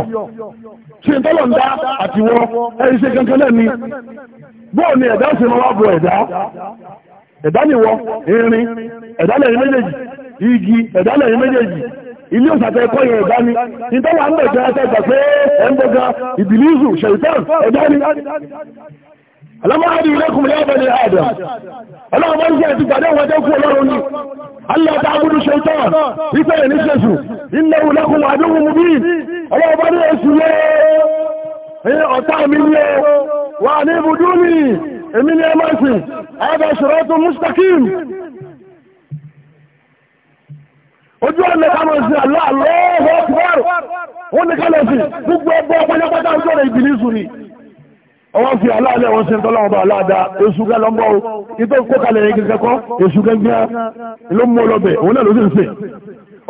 ṣe ìtọ́lọ̀ ń dá àti wọ ẹ̀rí ṣe kankan náà ni bóò ni ẹ̀dá ṣe máa wá bọ ẹ̀dá ẹ̀dá ni wọ irin ẹ̀dá lẹ́yìn méjèèjì igi ẹ̀dá lẹ́yìn méjèèjì ilé òṣàtẹ̀ ẹ̀kọ́ yẹn ẹ̀dá ni nítorí àwọn ọmọ ìjọba ẹ̀sẹ̀ gbà pé ẹ̀ ń gbọ́gá ìbìlísù ṣèyítàn ẹ̀dá ni alamọ́rẹ́dì ilẹ́kùnrin ọ̀bẹ̀ ni àdà ọlọ́ọ̀bọ̀ ń jẹ́ ti gbàdé wọn jẹ́ kú ọlọ́run ni aláta agbúdú ṣetán ìfẹ́ ẹ̀ ní ṣeṣù ilẹ̀ ìlẹ́kùnrin àdúgbò mú bí ọlọ́ọ̀bọ̀ ní èṣù lẹ́ ọ̀tá mi ní ẹ wà ní ibùdó mi èmi ní ẹmọ́sìn ojú ọ̀nà kánú sí aláàlọ́ ọ̀pọ̀rọ̀ wọ́n ní kánú sí gbogbo ọgbọ́ ọpọlọpọta ojú ọ̀nà ìbìlísù ni ọwọ́ fi aláàlẹ́ wọn o ìtò kókalẹ̀ yẹn gẹ́gẹ́ kọ́ èṣù gẹ́gẹ́ ló mú ọlọ́bẹ̀ òun náà ló sì ń sè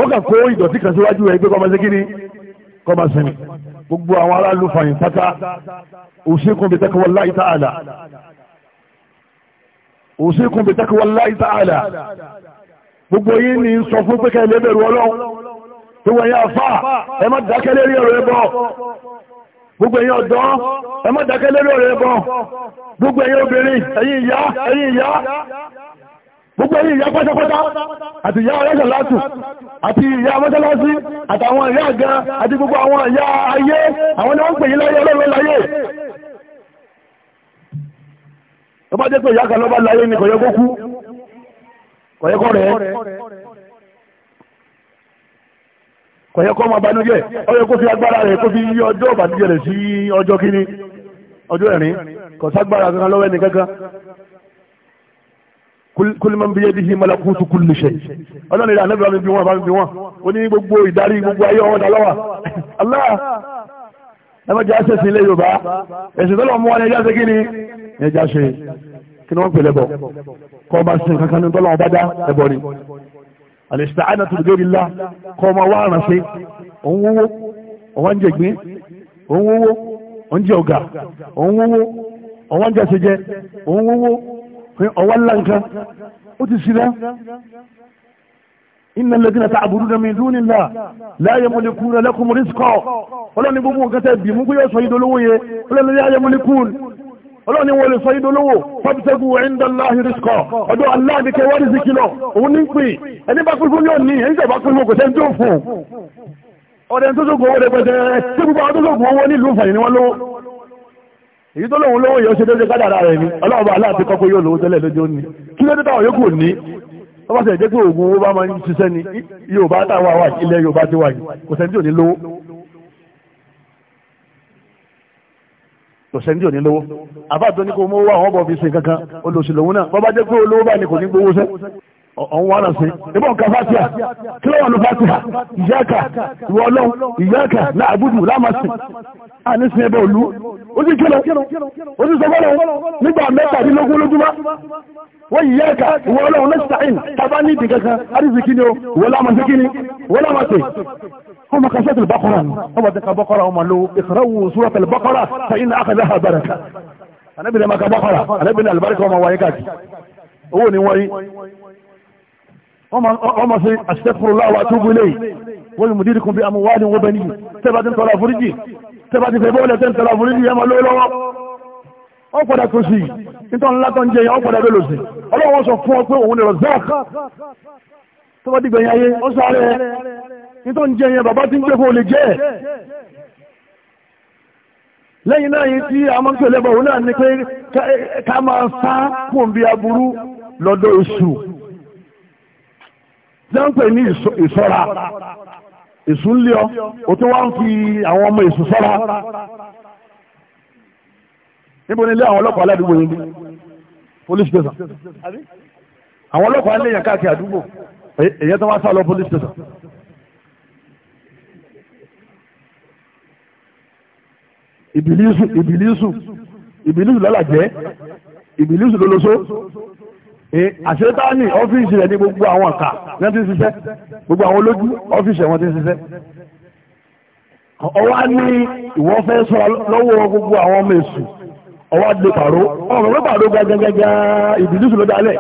ó kà kó ìdọ̀tí kan síwájú ẹ̀ pé kọ́ máa ṣe kíni kọ́ máa sinmi gbogbo àwọn aráàlú fàyìn pátá òṣèkùn bí tẹ́kọ̀wọ́ láì tààlà gbogbo yín ni sọ fún pé kẹ́lẹ́ bẹ̀rù ọlọ́run gbogbo ẹ̀yin àfà ẹ má dákẹ́ lérí ọ̀rọ̀ ẹbọ gbogbo ẹ̀yin ọ̀dọ́ ẹ má dákẹ́ lérí ọ̀rọ̀ ẹbọ gbogbo ẹ̀yin obìnrin ẹ̀yin ìyá ẹ̀yin ìyá gbogbo ẹ̀yin ìyá pátápátá àti ìyá ọlọ́sẹ̀ látù àti ìyá mọ́sálásí àtàwọn ìyá àga àti gbogbo àwọn ìyá ayé àwọn ni wọ́n pè yín láyé ọlọ́run láyé tó jẹ́ pé ìyá kan ló láyé ni kò yẹ kó kú kọ̀yẹ́kọ́ rẹ̀ kọ̀yẹ́kọ́ máa banújẹ́ ọyọ́ kó fi agbára rẹ̀ kó fi yí ọjọ́ ìbànújẹ́ rẹ̀ sí ọjọ́ kíní ọjọ́ ẹ̀rín kò ságbára kankan lọ́wọ́ ẹni kankan kul man biyadihi malakutu kulli shay ọlọ́run ìlànà bí wọn bí wọn bá bí wọn ó ní gbogbo ìdarí gbogbo ayé ọwọ́ dálọ́wà Allah ẹ má jẹ́ àṣẹ sí ilé Yorùbá ẹ̀sìn tó lọ́ mú wọn ẹjá ṣe kí ni ẹjá kí ni wọ́n pèlè bọ̀ kọ́ ọba sí nǹkan kan ní tọ́lọ́wọ́ bá dá ẹ̀bọ̀ ni àlèṣìṣàánà tó dé nílá kọ́ ọmọ wá ránṣẹ́ òun wówó òun jẹ gbé òun wówó òun jẹ ọ̀gá òun wówó òun jẹ ṣẹjẹ òun wówó ọwọ́ ńlá ó ti sílẹ̀ inna lẹ́dínà tá àbúrú náà mi dúnni ńlá láyé mọ̀lẹ́kùn lẹ́kùn mọ̀lẹ́sìkọ́ ọlọ́ni gbogbo nǹkan tẹ́ bì mú kó sọ yìí dolówó yẹ ọlọ́ni láyé mọ̀lẹ́kùn ọlọ́run ni wọ́n lè sọ yí dolówó fọ́bítẹ́gù ẹ̀ńdọ́láhì rìskọ̀ ọ̀dọ̀ aláàdìkẹ́ wọ́n rìsíkì lọ òun ní pè ẹni bá pínpín ní òní ẹni tẹ̀ bá pínpín kò sẹ́ni tó fún ọ̀dẹ̀ tó sókò owó rẹpẹtẹ tí gbogbo àwọn tó sókò owó nílùú fàyè ni wọ́n lówó èyí tó lóun lówó yóò rẹ̀ ni kò sẹ́ńdí òní lówó àbáàtọ́ ní kò a àwọn ọbọ̀ fi kankan olóṣèlú òun náà bọ́bá jẹ́ pé olówó báyìí kò ní gbowó sẹ́ fatia kí fatia ìyáka ìwọ ọlọ́run láàbùdù láàmásì àníṣe ẹbẹ òlu ó sì ó sọ wọ́n yìí yẹ́ka ìwọ ọlọ́run lẹ́sìtàín tàbá ní ìdí kankan àríṣìkí ni ó wọ́n lámà sí kí ni wọ́n lámà sí ọmọ kan sọ́tù bọ́kọ́rà ni ọmọ tẹ́ka bọ́kọ́rà ọmọ ló ìsọ̀rọ̀wò sọ́tù bọ́kọ́rà lọ́wọ́ wọ́n padà tó sí nítorí ńlá tó ń jẹ yẹn wọ́n padà bẹ́ẹ̀ lò sí ọlọ́wọ́ sọ fún ọ pé òun lè rọ zak tó bá dìgbẹ̀yìn ayé ó sáré nítorí ń jẹ yẹn bàbá tí ń gbé kó lè jẹ́ lẹ́yìn náà yìí tí a máa ń tẹ̀lé bọ̀ òun náà ni pé ká máa sá kùn bí aburú lọ́dọ̀ èṣù jẹ́ǹpẹ̀ ní ìṣọ́ra èṣù ń lé ọ òtún wá ń fi àwọn ọmọ èṣù sọ́ra níbo ni ilé àwọn ọlọ́pàá aládùúgbò yín police station àwọn ọlọ́pàá ilé yẹn káàkiri àdúgbò èyẹ tó wá sá lọ police station. ìbìlísù ìbìlísù ìbìlísù lọ́làjẹ́ ìbìlísù lọ́lọ́sọ́ àṣetáni ọ́fíìsì rẹ̀ ní gbogbo àwọn ọ̀ka ní wọ́n ti ń ṣiṣẹ́ gbogbo àwọn olójú ọ́fíìsì rẹ̀ wọ́n ti ń ṣiṣẹ́ ọwọ́ á ní ìwọ́fẹ́ sọ lọ́wọ́ gbogbo àwọn ọmọ èṣù ọwọ́ adé pàró ọmọ pé pàró gàgàgàgà ìbílísù ló dálẹ̀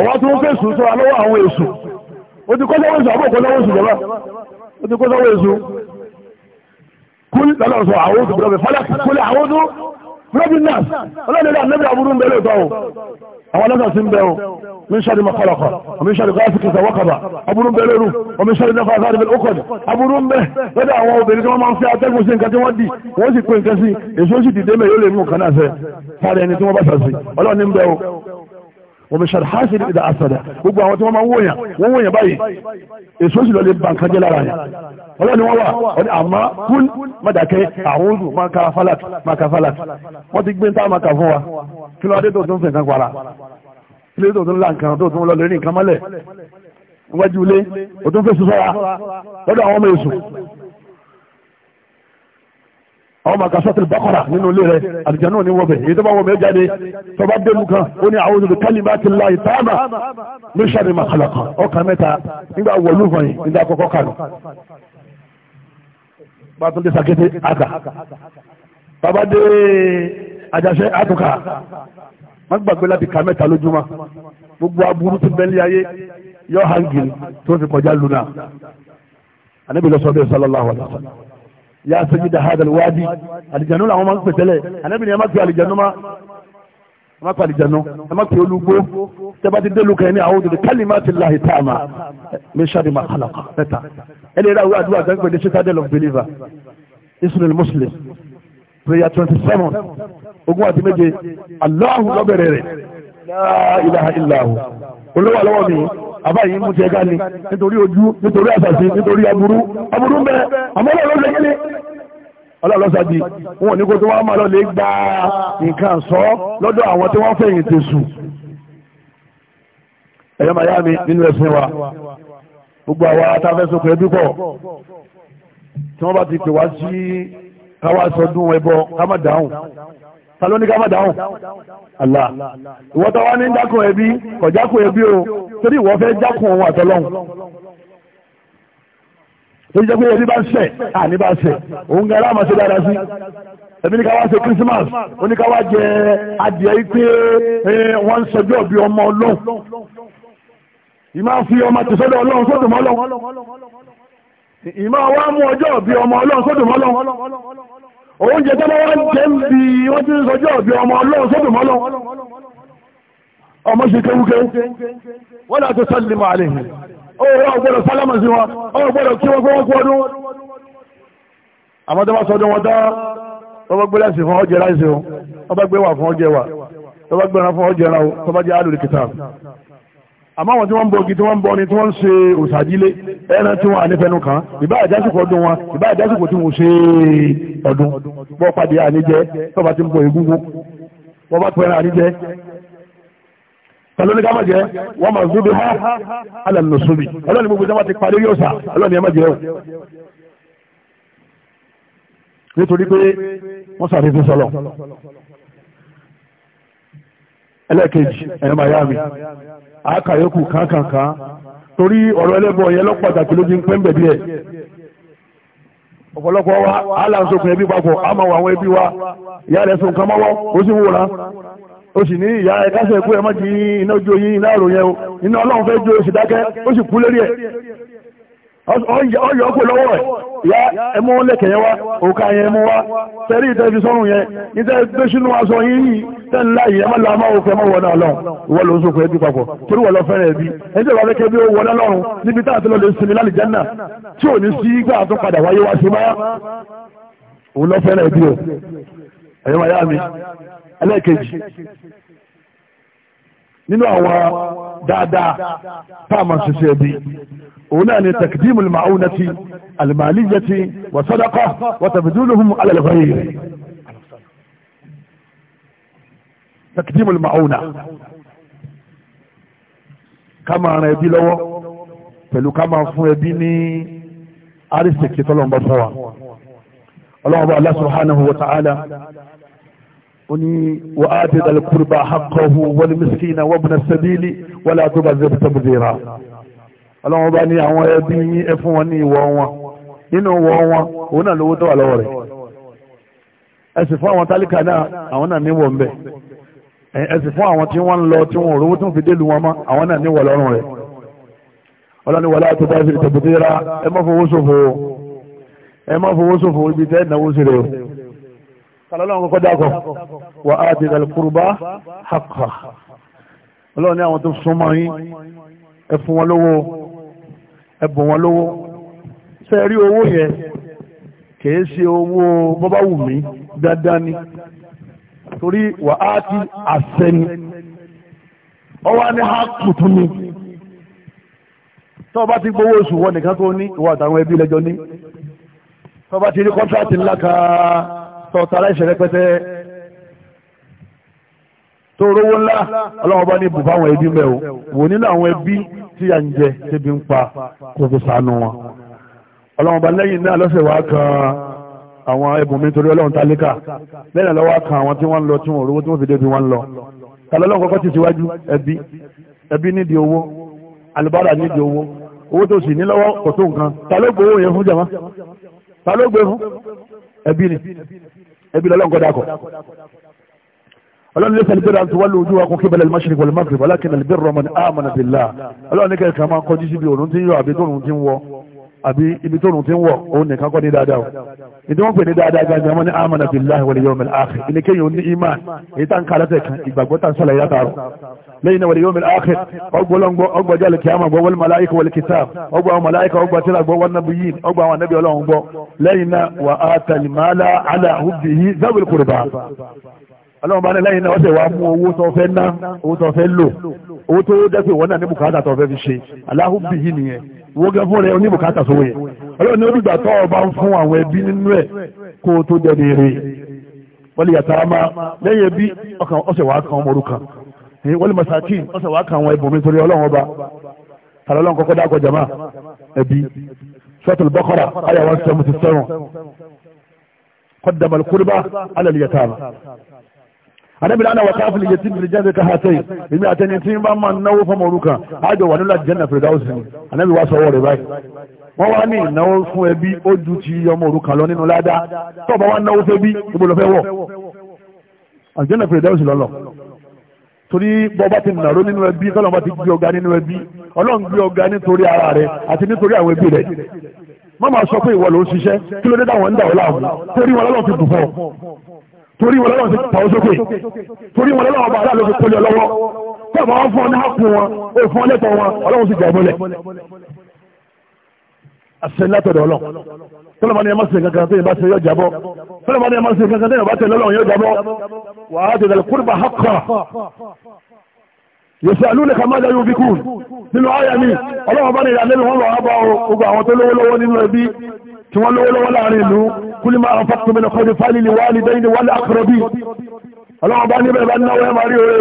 ọwọ́ tí wọ́n fẹ́ sùn sọ́ra lọ́wọ́ àwọn èṣù ó ti kọ́ sọ́wọ́ èṣù àbọ̀ kọ́ sọ́wọ́ èṣù jọba ó ti kọ́ sọ́wọ́ èṣù kúl lọ́lọ́run sọ àwọn oṣù bọ́lọ́bẹ̀ fọlá kúlẹ̀ àwọn oṣù bọ́lọ́bẹ̀ náà ọlọ́dẹ̀dẹ̀ ànábì àbúrú ń bẹ̀rẹ̀ ìtọ́ àwọn alága sí ń bẹ́ o míṣàrí makọ́lọ́kọ́ míṣàrí gáàsìkì ìsàwọ́kàbà aburú ń bẹ lérú míṣàrí náà fásitì àdìbẹ̀ ókọ̀dì aburú ń bẹ lọ́dọ̀ àwọn obìnrin tí wọ́n máa ń fẹ́ atẹ́gùn sí nǹkan tí wọ́n dì wọ́n sì pé nǹkan sí èso sì dìde mẹ́ yóò lè mú nǹkan náà fẹ́ sáré ẹni tí wọ́n bá sàṣì ọlọ́run ní ń bẹ o wọ́n bẹ ṣàrì hásì ní ìdá àsàdà gbogbo àwọn tí wọ́n máa ń wòyàn wọ́n wòyàn báyìí èso sì lọ́lẹ̀ bá nǹkan jẹ́ lára yẹn ọlọ́run ni wọ́n wà ọdẹ àmọ́ kún mọ́dàkẹ́ àwọn oṣù máa ka falak máa ka falak wọ́n ti gbé ń tá máa kà fún wa kí ló adé tó tún fẹ̀ǹkan para kí ló tó tún la nǹkan tó tún lọ́lẹ̀ rí nǹkan mọ́lẹ̀ wájú ilé òtún fèsì sọ́ra lọ́dọ̀ àwọn ọmọ èso àwọn màkà sọ́tìlì bákọ́rà nínú ilé rẹ̀ àlùjànnú ní wọ́bẹ̀ èyí tó bá wọ́n mẹ́jáde tó bá dénú kan ó ní àwọn olùdókè kálíbà ti láyé táàmà ní sàrì màkàlà kan ọkà mẹ́ta nígbà wọ̀lú fọyín nígbà àkọ́kọ́ kanu. bàtúndé sàkété àgà bàbá dé àjàṣe àtúkà wọ́n gbàgbé láti ka mẹ́ta lójúmọ́ gbogbo aburú ti bẹ́ẹ̀lì ayé yọ ya sanyi da hadal wadi alijanu làwọn máa ń pè tẹ́lẹ̀ anabi ni ẹ má pe alijanu ma ẹ má pe alijanu ẹ má pe olugbo tẹ́bá ti dé lukẹ́ ní àwọn òdòdó kalimati lahi ta'ama min sharri ma khalaqa mẹ́ta ẹ lè ra àwọn àdúrà gbẹ́gbẹ́ ní citadel of believer israel muslim prayer twenty seven ogún àti méje aláhùn lọ́bẹ̀rẹ̀ rẹ̀ la ilaha illahu olówó àlọ́wọ́ mi àbá yìí mú ti ẹ̀ka ni nítorí ojú nítorí àṣàṣe nítorí aburú aburú ń bẹ àmọ́ ọlọ́run ló ṣe kíni ọlọ́run lọ́sà di wọn ò ní kó tó wá máa lọ lè gba nǹkan sọ lọ́dọ̀ àwọn tí wọ́n fẹ̀yìn ti sùn ẹ̀yọ́ màyá mi nínú ẹ̀sìn wa gbogbo àwa táfẹ́sọ̀kọ̀ ẹbí pọ̀ tí wọ́n bá ti pè wá sí káwá sọdún ẹbọ ká má dáhùn tàló ní káfà dáhùn Allah ìwọ́tọ̀ wá ní jákùn ẹbí kọ̀ jákùn ẹbí o torí ìwọ́ fẹ́ jákùn ohun àtọ́lọ́hun torí jẹ́ pé ẹbí bá ń ṣẹ̀ àní bá ṣẹ̀ òun gan aláàmọ̀ ṣe dára sí ẹbí ní ká wá ṣe Christmas oní ká wá jẹ adìẹ pé wọ́n ń sọjọ́ bí ọmọ ọlọ́run ìmá fi ọmọ tòṣọ́dọ̀ ọlọ́run sódùmọ́ ọlọ́run ìmá wá mú ọjọ́ bí ọmọ ọlọ́run sódùmọ́ oúnjẹ tó bá wá ń jẹ́ ń bi wọ́n ti ń sọjọ́ ọ̀bí ọmọ ọlọ́run sọ́dọ̀ mọ́lọ́ ọmọ ṣe kéwúké wọ́n náà tó sọ́dọ̀ lèmọ̀ àlè ó wọ́n gbọ́dọ̀ sálámà sí wọn ó gbọ́dọ̀ kí wọ́n kó wọ́n kú ọdún àmọ́ tó bá sọdọ̀ wọn dá tó bá gbé láìsí fún ọjẹ́ láìsí o àmọ́ àwọn tí wọ́n ń bọgi tí wọ́n ń bọni tí wọ́n ń ṣe òṣàdílé ẹran tí wọ́n à nífẹ̀ẹ́nu kan ìbá ìdásùkò ọdún wọn ìbá ìdásùkò tí wọ́n ṣe ọdún bọ́ pàdé àníjẹ tọ́ba ti ń bọ egungun wọ́n bá pẹ́ran àníjẹ tàlóní ká má jẹ́ wọ́n máa zúbi ha alàmì sóbi ọlọ́ni gbogbo ìjọba ti parí yóò sà ọlọ́ni ẹ má jẹ́ o nítorí pé wọ́n sàfihàn sọlọ ẹlẹ́ẹ̀kejì ẹ̀rọ miami àákàyókù kankanka torí ọ̀rọ̀ ẹlẹ́bọ yẹn lọ pàtàkì ló ń pẹ́ ń bẹ̀ ọ̀pọ̀lọpọ̀ wa aláǹsọ̀kùn ẹbí papọ̀ a máa wà àwọn ẹbí wa ìyá rẹ̀ sùn kan mọ́wọ́ ó sì ń wòran ó sì ní ìyá rẹ̀ kásẹ̀ ikú ẹ̀ mọ́ di iná ojú oyin iná o iná ọlọ́run fẹ́ ọyọ ọkọ lọ́wọ́ ya ẹmú lẹ́kẹ̀ẹ́ wá òkà yẹn mú wá tẹ́rí ìtẹ́fi sọ́run yẹn ní tẹ́ gbé sínú aṣọ yìí tẹ́lá yìí ẹmọ́ làmá òkè ẹmọ́ wọ̀nà ọlọ́run wọ́n ló ń sọ̀kọ̀ ẹbí papọ̀ torí wọ́n lọ fẹ́rẹ̀ ẹbí ẹni tẹ́lá fẹ́ kébí wọ́n lọ́run níbi táà nínú àwọn dáadáa ṣiṣẹ́ أولان لتقديم المعونة المالية وصدقة وتبذلهم على الغير تقديم المعونة كما أنا يبي لو فلو كما أفو يبيني أرسك يتلون بفوا الله الله سبحانه وتعالى أني وآتد القربى حقه والمسكين وابن السبيل ولا تبذر تبذيرا ọlọ́run bá ní àwọn ẹbí yín ẹ fún wọn ní ìwọ wọn nínú ìwọ wọn òun náà lówó tó wà lọ́wọ́ rẹ̀ ẹ sì fún àwọn tálíkà náà àwọn náà níwọ̀ ń bẹ̀ ẹ sì fún àwọn tí wọ́n ń lọ tí wọ́n rówó tó ń fi délùú wọn mọ́ àwọn náà níwọ̀ lọ́rùn rẹ̀ ọlọ́ni wọlé àti bá fi tẹ̀bùtẹ́ ra ẹ má fowó ṣòfò ẹ má fowó ṣòfò ibi tẹ́ ìnáwó sí rẹ̀ o kàlọ́lọ́run kọ́kọ́ dákọ̀ ẹ̀bùn wọn lówó ṣe rí owó yẹn kìí ṣe owó bọ́bá wù mí dandan ni torí wà á ti àṣẹ ni ọwọ́ ni ha tuntun ni tọ́ bá ti gbowó oṣù wọn nìkan tó ní ìwọ àtàwọn ẹbí lẹ́jọ́ ní tọ́ bá ti rí kọ́ńtráàtì ńlá kan tọ́ tara ìṣẹ̀rẹ́pẹ́tẹ́ tó rówó ńlá ọlọ́wọ́ bá ní ibù fáwọn ẹbí mẹ́ o wò nínú àwọn ẹbí tí à ń jẹ tẹ́bi ń pa kò fi sànù wọn ọlọ́wọ́ bá lẹ́yìn náà lọ́sẹ̀ wá kan àwọn ẹbùn mi torí ọlọ́run tálíkà lẹ́yìn lọ́wọ́ kan àwọn tí wọ́n ń lọ tí wọ́n rówó tí wọ́n fi débi wọ́n ń lọ tàlọ́lọ́run kọ́kọ́ ti síwájú ẹbí ẹbí nídìí owó alùbárà nídìí owó owó tó sì ní kò tó nǹkan ta ló gbowó yẹn fún jàmá ta ló gbé fún ẹbí ni ẹbí lọ́lọ́run ọlọ́run lè sẹ́lẹ̀ bẹ́rẹ̀ àti wọ́n lójú wa kún kí bẹ́lẹ̀ mọ́ṣẹ́lẹ̀ wọlé mọ́ṣẹ́lẹ̀ wọlé kí nàlẹ́ bẹ́rẹ̀ ọmọdé àmọ́nà bìlá ọlọ́run ní kẹ́kẹ́ máa kọjú síbi òrùn tí ń yọ àbí tóòrùn tí ń wọ àbí ibi tóòrùn tí ń wọ òun nìkan kọ́ ní dáadáa o ìdí wọ́n pè ní dáadáa gan gan mọ́ni àmọ́nà bìlá wọlé yọmọ àkè ilé kéyìn ní iman èyí tá ń ka alátẹ̀ kan ìgbàgbọ́ tá ń sọ̀rọ̀ yàtà rọ̀ lẹ́yìn náà wọlé yọmọ àkè ọgbọ́lọ́ngbọ́ ọgbọ́ jálẹ̀ kí a máa gbọ́ wọlé màláìkà wọlé kìtàb ọgbọ́ àwọn màláìkà ọgbọ́ ọlọ́run bá ní lẹ́yìn náà ó sì wá mú owó tó fẹ́ ná owó tó fẹ́ lò owó tó dẹ́pẹ̀ wọ́n náà ní bùkátà tó fẹ́ fi ṣe aláhùbì yìí nìyẹn owó gẹ́ fún rẹ̀ ó ní bùkátà sówó yẹn ọlọ́run ní olùgbà tó ọba ń fún àwọn ẹbí nínú ẹ̀ kó tó jẹ́ ní eré wọ́n lè yàtara máa lẹ́yìn ẹbí ọkàn ọ̀sẹ̀ wàá kan ọmọ orúkà wọ́n lè masaki ọ̀sẹ̀ wàá kan anábìlá náà wà káfílì yẹ tí bìlì jẹ́ ẹ̀ka ha sẹ́yìn èmi àtẹni tí ń bá máa náwó fọmọ òrukàn àjọ wà nílò àjẹ́nà fèrèdáwòsì ni anábì wá sọwọ́ rẹ̀ báyìí wọ́n wá ní ìnáwó fún ẹbí ó ju ti ọmọ òrukàn lọ nínú ládàá tó bá wá náwó fẹ́ bí ibo lọ fẹ́ wọ̀ àjẹ́nà fèrèdáwòsì lọ́lọ́ torí bọ́ba ti nàró nínú ẹbí tọ́lọ́ba ti gbé ọ̀gá nínú ẹbí ọlọ́run gbé ọ̀gá nítorí ara rẹ̀ àti nítorí àwọn ẹbí rẹ̀ má máa sọ pé ìwọ ló ń ṣiṣẹ́ kí ló dé táwọn ń dà ọ́ láàmú torí ti dùn fún torí wọn lọ́wọ́ ti pa ó sókè torí wọn lọ́wọ́ bá aláàlú fi kólé ọlọ́wọ́ tọ́ọ̀bà wọn fún ọ ní àpò wọn ó fún ọ lẹ́tọ̀ wọn ọlọ́wọ́ sì jà ìmọ́lẹ̀ àṣẹlátọ̀dọ̀ ọlọ́ tọ́lọ́mọ́ ni ẹ má ṣe kankan tó yẹ bá ṣe yọ jábọ́ tọ́lọ́mọ́ ni ẹ má ṣe kankan tó bá tẹ̀lé ọlọ́run yọ jábọ́ wàá tẹ̀lé kúrúbà hákà yẹ̀sẹ̀ alúlẹ̀ kà máa jẹ́ yóò fi kú nínú ayà ní ọlọ́wọ́ bá ní ìyàlẹ́nu wọn lọ́wọ́ bá ogun àwọn tó lówó lọ́wọ́ nínú ẹbí tí wọ́n lówó lọ́wọ́ láàrin ìlú kúlí máa ń fọ́tò mẹ́lẹ̀ kọ́ni fáìlì ní wàá ní dẹ́yìn ní wàá lákọ̀rọ̀ bí ọlọ́wọ́ bá níbẹ̀ bá náwó ẹ̀ máa rí oore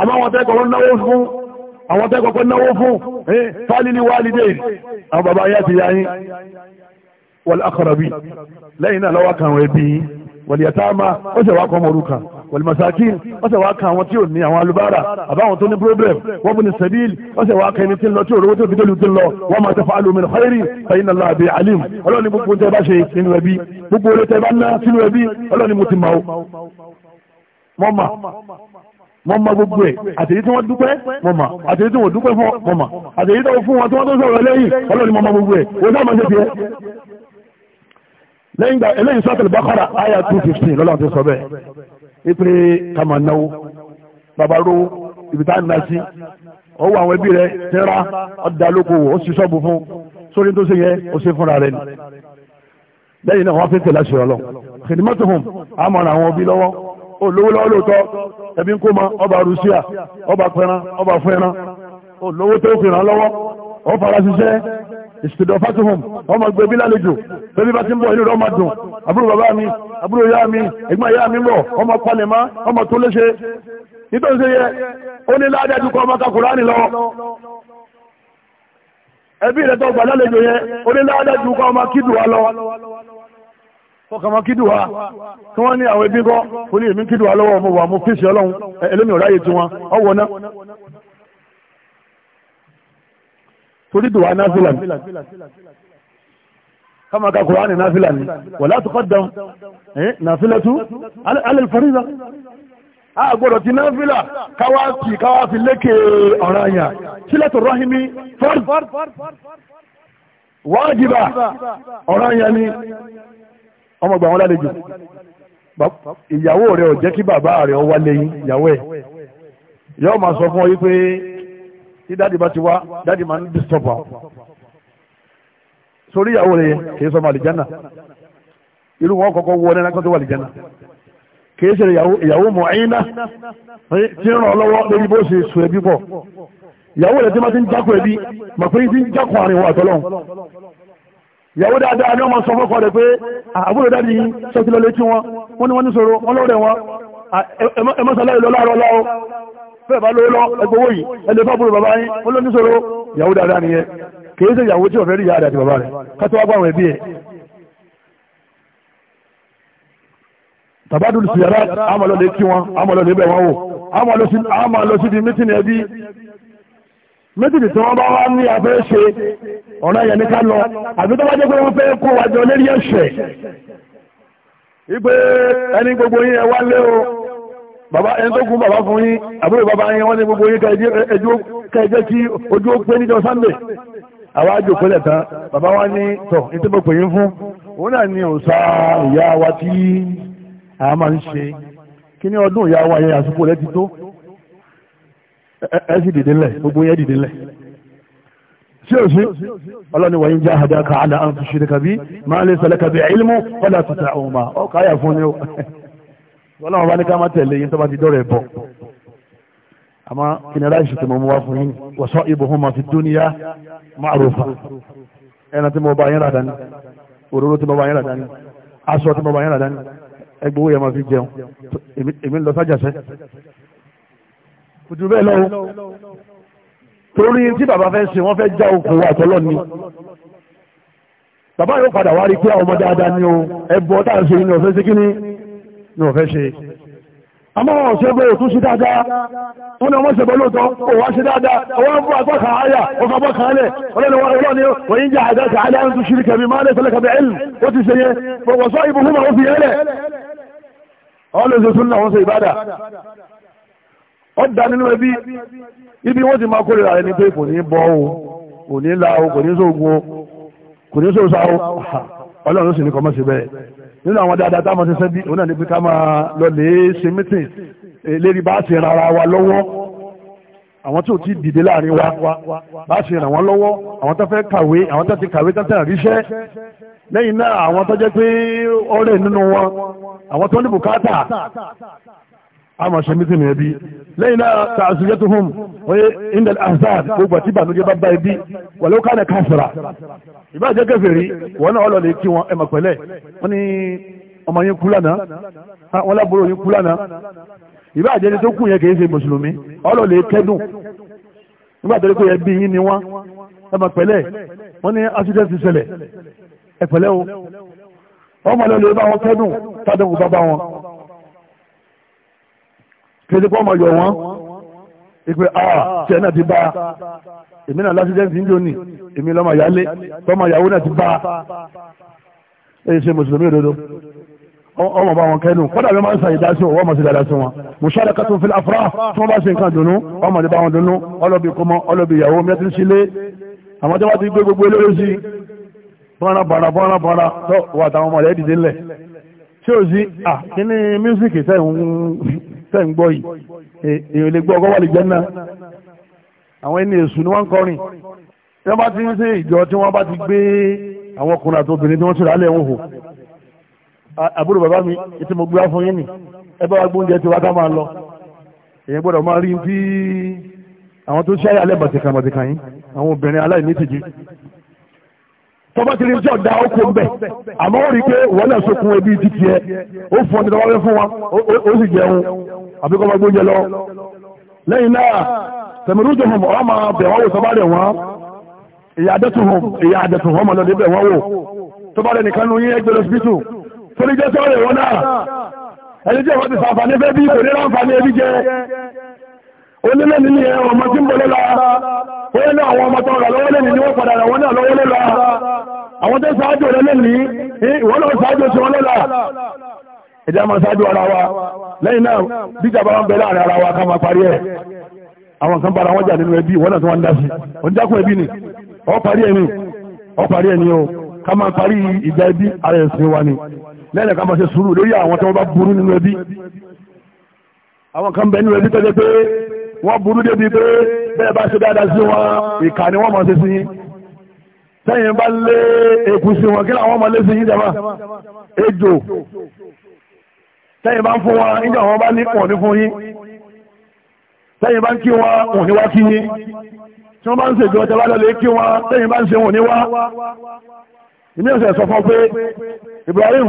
àmọ́ àwọn tẹ́kọ̀ọ́ náwó fún wàlùmọ̀sákìn wọ́n sẹ̀ wá kan àwọn tí ò ní àwọn alubára àbáwọn tó ní problem wọ́n bu ní sẹ́bíl wọ́n sẹ̀ wá kan ẹni tí ń lọ tí ò rówó tó fi tóbi tó ń lọ wọ́n máa tẹ̀fọ́ alùmí ní xayiri fẹ̀yìn náà láàbí alim ọlọ́ni gbogbo tẹ́ bá ṣe nínú ẹbí gbogbo orí tẹ́ bá ná sínú ẹbí ọlọ́ni mo ti mọ̀ ọ́ mọ́mà mọ́mà gbogbo ẹ̀ àtẹ̀yí tí wọ́n dúpẹ́ mọ́mà àtẹ̀yí tí wọ́n dúpẹ́ fún mọ́mà àtẹ̀yí tó fún wọn tí wọ́n tó sọ̀rọ̀ lẹ́yìn ọlọ́ni mọ́mà gbogbo ẹ̀ wọ́n sábà ṣe tiẹ̀ lẹ́yìn gbà bákàrà áyà two fifteen ti sọ bẹ́ẹ̀ wípé ká máa náwó bàbá rówó ibi tá à ń na sí ọwọ́ àwọn ẹbí rẹ tẹ́ra ọ̀dà lókòwò ó sì sọ́ọ̀bù fún sórí tó ṣe yẹ ó ṣe fúnra rẹ ni lẹ́yìn náà wọ́n fi tẹ̀lé aṣọ ọlọ́ kìnnìmọ́tò hùn àmọ̀ràn àwọn òbí lọ́wọ́ olówó lọ́wọ́ lóòótọ́ ẹbí ń kó ma ọba rúṣíà ọba pẹran ọba fẹ́ran olówó tó fi ràn lọ́wọ́ ọ fara ṣiṣẹ́ ìsìdọ̀fàtúhùn wọ́n máa gbé bí lálejò bẹ́bí bá ti ń bọ̀ inú rẹ̀ ọmọ dùn àbúrò bàbá mi àbúrò ìyá mi ẹ̀gbọ́n ìyá mi bọ̀ ọmọ palẹ̀ má ọmọ tó léṣe nítorí ṣe yẹ ó ní ládájú kọ́ ọmọ ka Kùránì lọ ẹbí rẹ̀ tó gbà lálejò yẹ ó ní ládájú kọ́ ọmọ kídùwà lọ fọkàn máa kídùwà kí wọ́n ní àwọn ẹbí kọ́ ó ní èmi kídùwà lọ́wọ́ mo wà mo fèsì ọlọ́run ẹlẹ́mi ọ̀ráyè tiwọn ọwọ́ náà torí dùwà náfìlà ni kama ka kùránì náfìlà ni wala tuqaddam náfìlàtú ala al-fariida a gbọ́dọ̀ ti náfìlà káwá kì káwá fi lékè ọ̀ràn àyà sílẹ̀tò rọ́hìnmí fard wájibà ọ̀ràn àyà ni ọmọ gbà wọn lálejò ìyàwó rẹ̀ ò jẹ́ kí bàbá rẹ̀ ọ wálé yín ìyàwó ẹ̀ yóò máa sọ fún ọ yí pé tí dáàdì bá ti wá dáàdì máa ń disturb wa sórí ìyàwó rẹ̀ kìí sọmọ àlìjánà irú wọn kọ́kọ́ wọ ní ẹnìkan tó wà àlìjánà kìí ṣe ìyàwó mọ̀ ẹ́yìnà eh, tí ń ràn lọ́wọ́ lórí bó ṣe sùn ẹbí pọ̀ ìyàwó rẹ̀ tí máa ti ń jákò ẹbí mọ̀ pé ti ń jákò àrìnwó àtọ́lọ́hún ìyàwó dáadáa ni wọ́n máa sọ fọ́kọ rẹ̀ pé àbúrò dáàdì yìí sọ́kìlọ́ létí wọn wọ́n ní wọ́n ní sọ̀rọ̀ wọ́n lọ́rẹ̀ wọn ẹ̀mọ́sálẹ́ ìlọ́láàrọ̀ láwọ́ bẹ́ẹ̀ bá lówó lọ ẹgbẹ́ owó yìí ẹlẹ́ fábúrò bàbá yín ó ló níṣòro ìyàwó dáadáa nìyẹn kìí ṣe ìyàwó tí ò fẹ́ rí ìyá rẹ̀ àti bàbá rẹ̀ kátó wá gbàwọn ẹbí ẹ̀. tàbádùn sí yàrá àmọ́ lọ lè kí wọn àmọ́ lọ lè bẹ̀ wọn wò àmọ́ lọ sí di mítìnì ẹbí mítìnì tí wọ́n bá wá ní afẹ́ ṣe ọ̀nà yẹn ní ká lọ àbí tó bá jẹ́ pé wọ́n fẹ́ kó wájọ lérí ẹ̀ṣẹ̀ ìgbé ẹni gbogbo yín ẹ wá lé o bàbá ẹni tó gún bàbá fún yín àbúrò bàbá yín wọ́n ní gbogbo yín kẹjẹ́ kí ojú ó pé níjọ́ sunday àwọn àjò pẹ́lẹ̀ tán bàbá wa ní tọ̀ ní tí pè yín fún òun náà ni òòṣà ìyá wa tí a máa ń ṣe kí ní ọdún ìyá wa yẹn àsìkò rẹ ti tó ẹ sì dìde lẹ̀ gbogbo yẹn dìde lẹ̀ sí ò sí ọlọ́ni wọ̀nyí jẹ́ àdáka àdá àwọn ṣe kabi máa lè sọ̀lẹ́ kabi ilmu wọ́n dà tuta òun ma ọkọ̀ àyà fún ni ó ọlọ́run bá ní ká má tẹ̀lé yín tó bá ti dọ́rọ̀ ẹ̀ bọ̀ àmọ́ kí ni ráìsì tí mo mú wá fún yín wọ̀sọ́ ibò hàn máa fi dúníyà ma'rufa ẹran tí mo bá yín rà dání òróró tí mo bá yín rà dání aṣọ tí mo bá yín rà ẹgbẹ́ owó yẹn máa fi jẹun èmi ń lọ sájàṣẹ́ kùtù bẹ́ẹ̀ lọ́wọ́ torí tí bàbá fẹ́ ṣe wọ́n fẹ́ já okùn àtọ́lọ́ ni bàbá yóò padà wá rí pé àwọn ọmọ dáadáa ni o ẹ̀bùn ni wọ́n fẹ́ ṣe àmọ́ wọn ṣe bẹ́ẹ̀ tún ṣe dáadáa wọn ni wọ́n ṣe bẹ́ẹ̀ lóòótọ́ kò wá ṣe dáadáa ọwọ́ ń bú agbọ́kà áyà ọkọ̀ agbọ́kà alẹ̀ ọlọ́ni wọ́n yín jẹ́ àdáṣà alẹ́ ń tún ṣírí kẹ̀mí máa lẹ́ tẹ́lẹ̀ kẹ̀mí ẹ̀lù ó ti ṣe yẹn wọ́n nínú àwọn dáadáa táwọn ti sẹ́bí òun náà ní pé ká máa lọ lè ṣe mítìn eh, lérí bá ti rara wa lọ́wọ́ àwọn tí ò ti dìde láàrin wa bá ṣe ràn wọ́n lọ́wọ́ àwọn tó fẹ́ kàwé àwọn tó ti kàwé tó tẹ̀ ríṣẹ́ lẹ́yìn náà àwọn tó jẹ́ pé ọ̀rẹ́ nínú wọn àwọn tó ní bùkátà a máa ṣe mítìmì ẹbí lẹ́yìn náà ta'ziyatuhum oye inda al-ahzan gbogbo àti ìbànújẹ́ bá bá ẹbí wà ló kánà káfìrà ìbá jẹ́ kèfèrí wọn náà ọlọ́lẹ̀ kí wọn ẹmọ pẹ̀lẹ́ wọn ni ọmọ yín kú lánàá wọn lábúrò yín kú lánàá ìbá jẹ́ tó kù yẹn kì í ṣe mùsùlùmí ọlọ́lẹ̀ kẹ́dùn nígbà tó kó ẹbí yín ni wọn ẹmọ pẹ̀lẹ́ wọn ni accident ṣẹlẹ̀ ẹ̀pẹ̀lẹ́ o ọmọ ọlọ́lẹ̀ bá wọn kẹ́dùn tádùn bàbá wọn kéde kọ́ ọmọ yọ wọn ìpè ah tí ẹ náà ti bá èmi náà lásìdẹ́ǹtì ń jóni èmi lọ́mọ ìyálé tọ́mọ ìyàwó náà ti bá èyí ṣe mùsùlùmí òdodo ọmọ bá wọn kẹnu kọ́dà ló máa ń sa ìdá sí ọwọ́ mọ̀sí dáadáa sí wọn mùsàlẹ̀ kàtó fìlà afra tí wọ́n bá ṣe nǹkan dùnú ọmọ ní bá wọn dùnú ọlọ́bì kọmọ ọlọ́bì ìyàwó mẹ́tìrì sílé àwọn tó bá ti gbé gbogbo eléré bọ́nà bọ́nà bọ́nà sẹ́ ń gbọ́ yìí èèyàn lè gbọ́ ọkọ̀ wà lè jẹ́ náà àwọn ẹni èṣù ni wọ́n ń kọrin tí wọ́n bá ti ń ṣe ìjọ tí wọ́n bá ti gbé àwọn ọkùnrin àti obìnrin tí wọ́n ṣẹlẹ̀ alẹ́ wọn hò àbúrò bàbá mi ètò mo gbé wá fún yín nì ẹ bá wa gbóúnjẹ tí wá ká máa lọ èèyàn gbọ́dọ̀ máa rí bí àwọn tó ṣáyà alẹ́ bàtìkàbàtìkà yín àwọn obìnrin aláìní tìjú tọ́ba ti lè jọ da oko ń bẹ̀ àmọ́ ó rí i pé wọ́n náà sokun ẹbí ti tiẹ̀ ó fọ́n ti dọ́wọ́lẹ́ fún wa ó sì jẹun àbí kọ́ máa gbóúnjẹ lọ. lẹ́yìn náà tẹ̀mẹ̀rú jọ hàn wọ́n máa bẹ̀ wọ́n wò sọ́ba rẹ̀ wọ́n ìyá àdẹ́tù hàn ìyá àdẹ́tù hàn mọ̀lọ́dé bẹ̀ wọ́n wò tọ́ba rẹ̀ nìkan ní ẹgbẹ́ lọ́sibítù torí jẹ́ sọ́ọ̀rẹ̀ wọn náà ẹni tí wọ́n ti sàǹfààní fẹ́ bí kò ní láǹfààní ẹbí jẹ onílẹ̀ nílẹ̀ ọmọ tí ń bọ̀ lọ́la bóyá náà àwọn ọmọ tó rà lọ́wọ́ lẹ́nu ni wọ́n padà rà wọ́n náà lọ́wọ́ lọ́la àwọn tó ṣáájú rẹ̀ lẹ́nu ìwọ́n náà ṣáájú sí wọn lọ́la ẹ̀dá máa ṣáájú ara wa lẹ́yìn náà bíjà bá wọn bẹ láàrin ara wa ká máa parí ẹ̀ àwọn kan bára wọn jà nínú ẹbí ìwọ́n náà tó wọn dá sí òun dákun ẹbí ni ọ parí ẹni ọ parí ẹni o ká máa parí ìjà ẹbí ara ẹ̀sìn wa ni lẹ́yìn ká máa ṣe sùúrù lórí àwọn tó wọn bá burú nínú ẹbí àwọn kan bẹ nínú ẹbí tó jẹ pé wọ́n burú débi pé bẹ́ẹ̀ bá ṣe dáadáa sí wọn ìkà ni wọ́n mọ̀ sí sí sẹ́yìn bá lé èkú sí wọn kí làwọn mọ̀ lé sí yín jàmá ejò sẹ́yìn bá ń fún wọn nígbà wọn bá ní pọ̀ ní fún yín sẹ́yìn bá ń kí wọn òun ní wá kí yín tí wọ́n bá ń ṣèjọ ọjà bá lọ́lẹ̀ kí wọn sẹ́yìn bá ń ṣe òun ní wá ìmí ọ̀sẹ̀ sọ fún ọ pé Ibrahim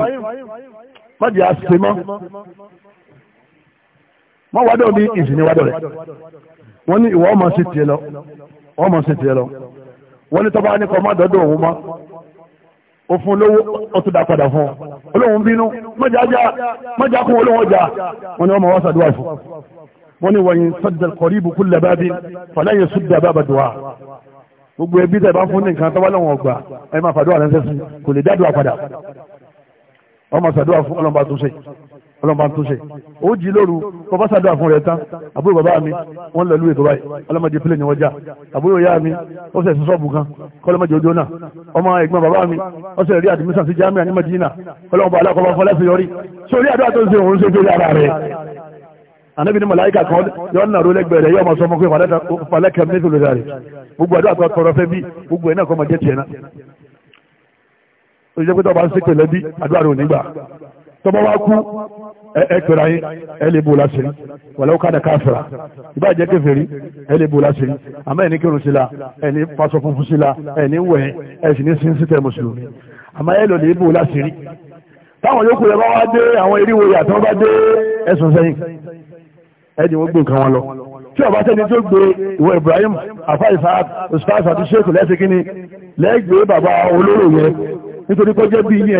má jẹ́ àṣìṣe mọ́ wọ́n wádọ̀ ní ìsìn wádọ̀ rẹ̀ wọ́n ní ìwọ ọmọ sí tiẹ̀ lọ ọmọ sí tiẹ̀ lọ wọ́n ní tọ́ba ní kọ́ má dọ́dọ̀ òun mọ́ ó fún lówó ó tún dá padà fún ọ olóhùn bínú mọ́jà kún olóhùn ọjà wọ́n ní ọmọ wọn ṣàdúrà fún wọ́n ní wọ̀nyí sọ́dọ̀ kọ̀ríbù kú lẹ́bàbí fàlàyé sùdà bàbà dùwà gbogbo ẹbí tẹ̀ bá fún ní nǹkan tọ́wọ́ lọ́wọ́ ọgbà ẹ máa fàdúrà rẹ̀ sẹ́sìn kò lè dádùn àpàdà ọmọ ṣàdúrà fún ọlọ́mọba tó ọlọ́mọ tó ṣe ó jí lóru bàbá sàdúrà fún rẹ̀ tán àbúrò bàbá mi wọ́n lẹ́lú ètò báyìí ọlọ́mọdé pílẹ̀ ní wọ́n já àbúrò ìyá mi ó sẹ̀ sọ́ọ̀bù kan kọ́lọ́mọdé ojú náà ọmọ ẹ̀gbọ́n bàbá mi ó sẹ̀ rí àdìmísàn sí jámíà ní Madina ọlọ́mọba alákọ̀ọ́bá fọlẹ́ fi yọrí ṣé orí àdúrà tó ń ṣe òun ṣe tó yára rẹ̀ anabi ni malayika kan yọ ń nàró lẹ́gbẹ̀ẹ́ rẹ̀ yọ ọmọ sọmọ pé falẹkẹ mi nítorí rẹ̀ gbogbo àdúrà tó tọrọ fẹ bí gbogbo ẹ náà kọ ọmọ jẹ tiẹ̀ náà ó ṣe pé tó bá ń ṣe pẹ̀lẹ́ bí àdúrà rẹ̀ ò ní gbà tọ́bọ̀ wá kú ẹ pèrè ayé ẹ lè bò láṣìírí wàlẹ́ ọ̀ká dẹ̀ káfíra ìbá jẹ́ kèfèrí ẹ lè bò láṣìírí àmọ́ ẹni kírun sí la ẹni faṣọ funfun sí la ẹni wẹ̀ ẹ sì ní sin sí tẹ̀ mùsùlùmí àmọ́ ẹ lò lè bò láṣìírí táwọn yòókù rẹ̀ bá wá dé àwọn eríwo yà tí wọ́n bá dé ẹ̀sùn sẹ́yìn ẹni wọ́n gbé nǹkan wọn lọ tí ọba tẹni tó gbé ìwọ Ibrahim afa Isaac Ustaz àti Sheikh lẹ́sìn kínní bàbá olóró yẹn nítorí pé ó jẹ́ bí ilé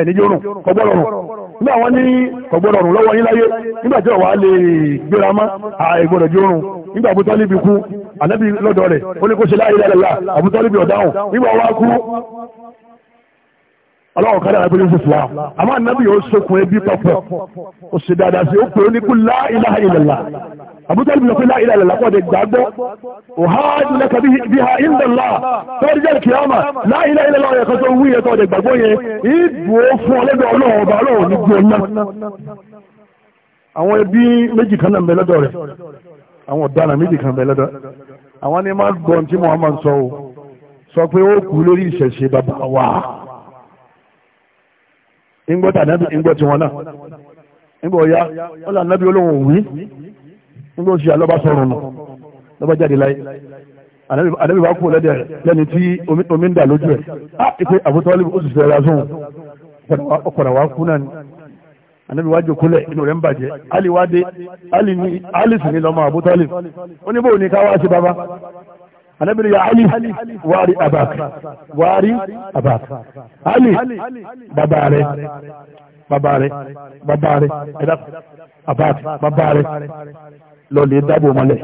ẹni yóò rùn kọgbọ́rọ̀ rùn nígbà ní kọgbọ́rọ̀ lọ́wọ́ yín láyé nígbà tí lè gbéra mọ́ àìgbọ́dọ̀ yóò nígbà Abu kú ànábì lọ́dọ̀ rẹ̀ ó ní kó ṣe la ilaha illallah ọ̀dáhùn nígbà wá kú ọlọ́wọ́ kan dára bílíọ̀sì islam àmọ́ ànábì yóò sókun ẹbí papọ̀ ó sì dáadáa sí ó pè ó ní kú la ilaha illallah àbújá ìbí lọ́pẹ́ la ilaha illallah kọ́ de gbàgbọ́ òhàájú lẹ́ka bí ha ìndọ̀lá tọ́jú jẹ́ kìámà la ilaha illallah yẹ kọ́tọ́ wí yẹ tọ́ de gbàgbọ́ yẹ ìbò fún ọlọ́dọ̀ ọlọ́wọ́ ọba ọlọ́wọ́ ní gbọ́ná àwọn ẹbí méjì kan náà ń bẹ lọ́dọ̀ ìgbọ́ tàbí ìgbọ́ tí wọn náà ìgbọ́ ya ó là nábí olóhùn wí ìgbọ́ oṣù àlọ́bá sọ̀rọ̀ nù lọ́bá jáde láyé ànábì bá kú lẹ́dẹ̀ lẹ́ni tí omi ń dà lójú ẹ̀ á ah, ìpè àbútọ́lì ó sì fẹ́ra sóhun ọkọ̀rọ̀ wa kú náà ni ànábì wá jòkúlẹ̀ inú rẹ̀ ń bàjẹ́ Ali wá dé Ali sì ní lọ́mọ àbútọ́lì ó ní ni ká wá sí bàbá anabiri ya ali wari abak wari abak ali bàbá rẹ̀ bàbá rẹ̀ bàbá rẹ̀ ẹdá abak bàbá rẹ̀ lọlẹ dábò mọ́lẹ̀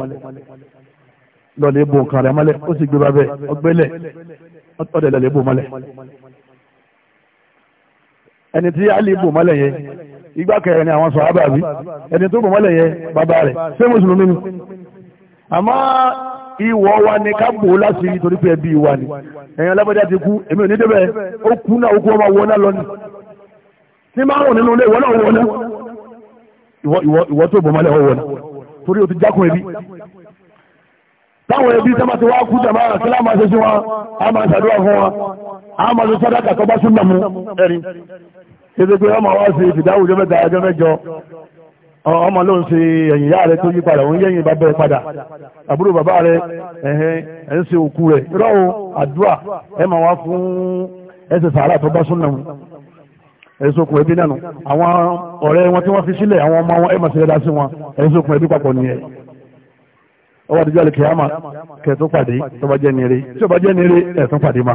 lọlẹ bò nǹkan rẹ̀ mọ́lẹ̀ ó sì gbé babẹ ọgbẹlẹ ọdẹ lọlẹ bò mọ́lẹ̀ ẹni tí ali bò mọ́lẹ̀ yẹn ìgbà kẹrin ni àwọn sọ abàbí ẹni tó bò mọ́lẹ̀ yẹn bàbá rẹ̀ ṣé ni àmọ́. ìwọ̀ wa ni ká bò láti rí torí pé ẹbí wa ni ẹ̀yin alábọ́dá ti kú èmi ò ní débẹ̀ ó kú náà lọ ni tí máa rùn nínú ilé ìwọ náà wọná ìwọ tó bọ̀mọ́lẹ̀ ọ wọná torí o ti jákun ẹbí táwọn ẹbí tó bá ti wá kú jàmbá kí láà máa ṣe sí a máa ṣàdúrà fún wọn a wa ṣe ọmọ ló ń ṣe ẹ̀yìn ìyá rẹ̀ tó yí padà òun yẹ́yìn bàbá rẹ̀ padà àbúrò bàbá rẹ̀ ẹ̀hẹ́n ẹ̀ ń ṣe òkú rẹ̀ rọ́ọ̀ àdúrà ẹ̀ máa wá fún ẹsẹ̀ sàárà tó bá súnà mu ẹ̀sọ́kùn ẹbí náà àwọn ọ̀rẹ́ wọn tí wọ́n fi sílẹ̀ àwọn ọmọ wọn ẹ̀mọ̀ sí ẹ̀dá sí wọn ẹ̀sọ́kùn ẹbí papọ̀ nìyẹn ọwọ́ àdìjọ́ àlè kìámà kẹ̀tún pàdé tó bá jẹ́ nire tí ó bá jẹ́ nire ẹ̀tún pàdé ma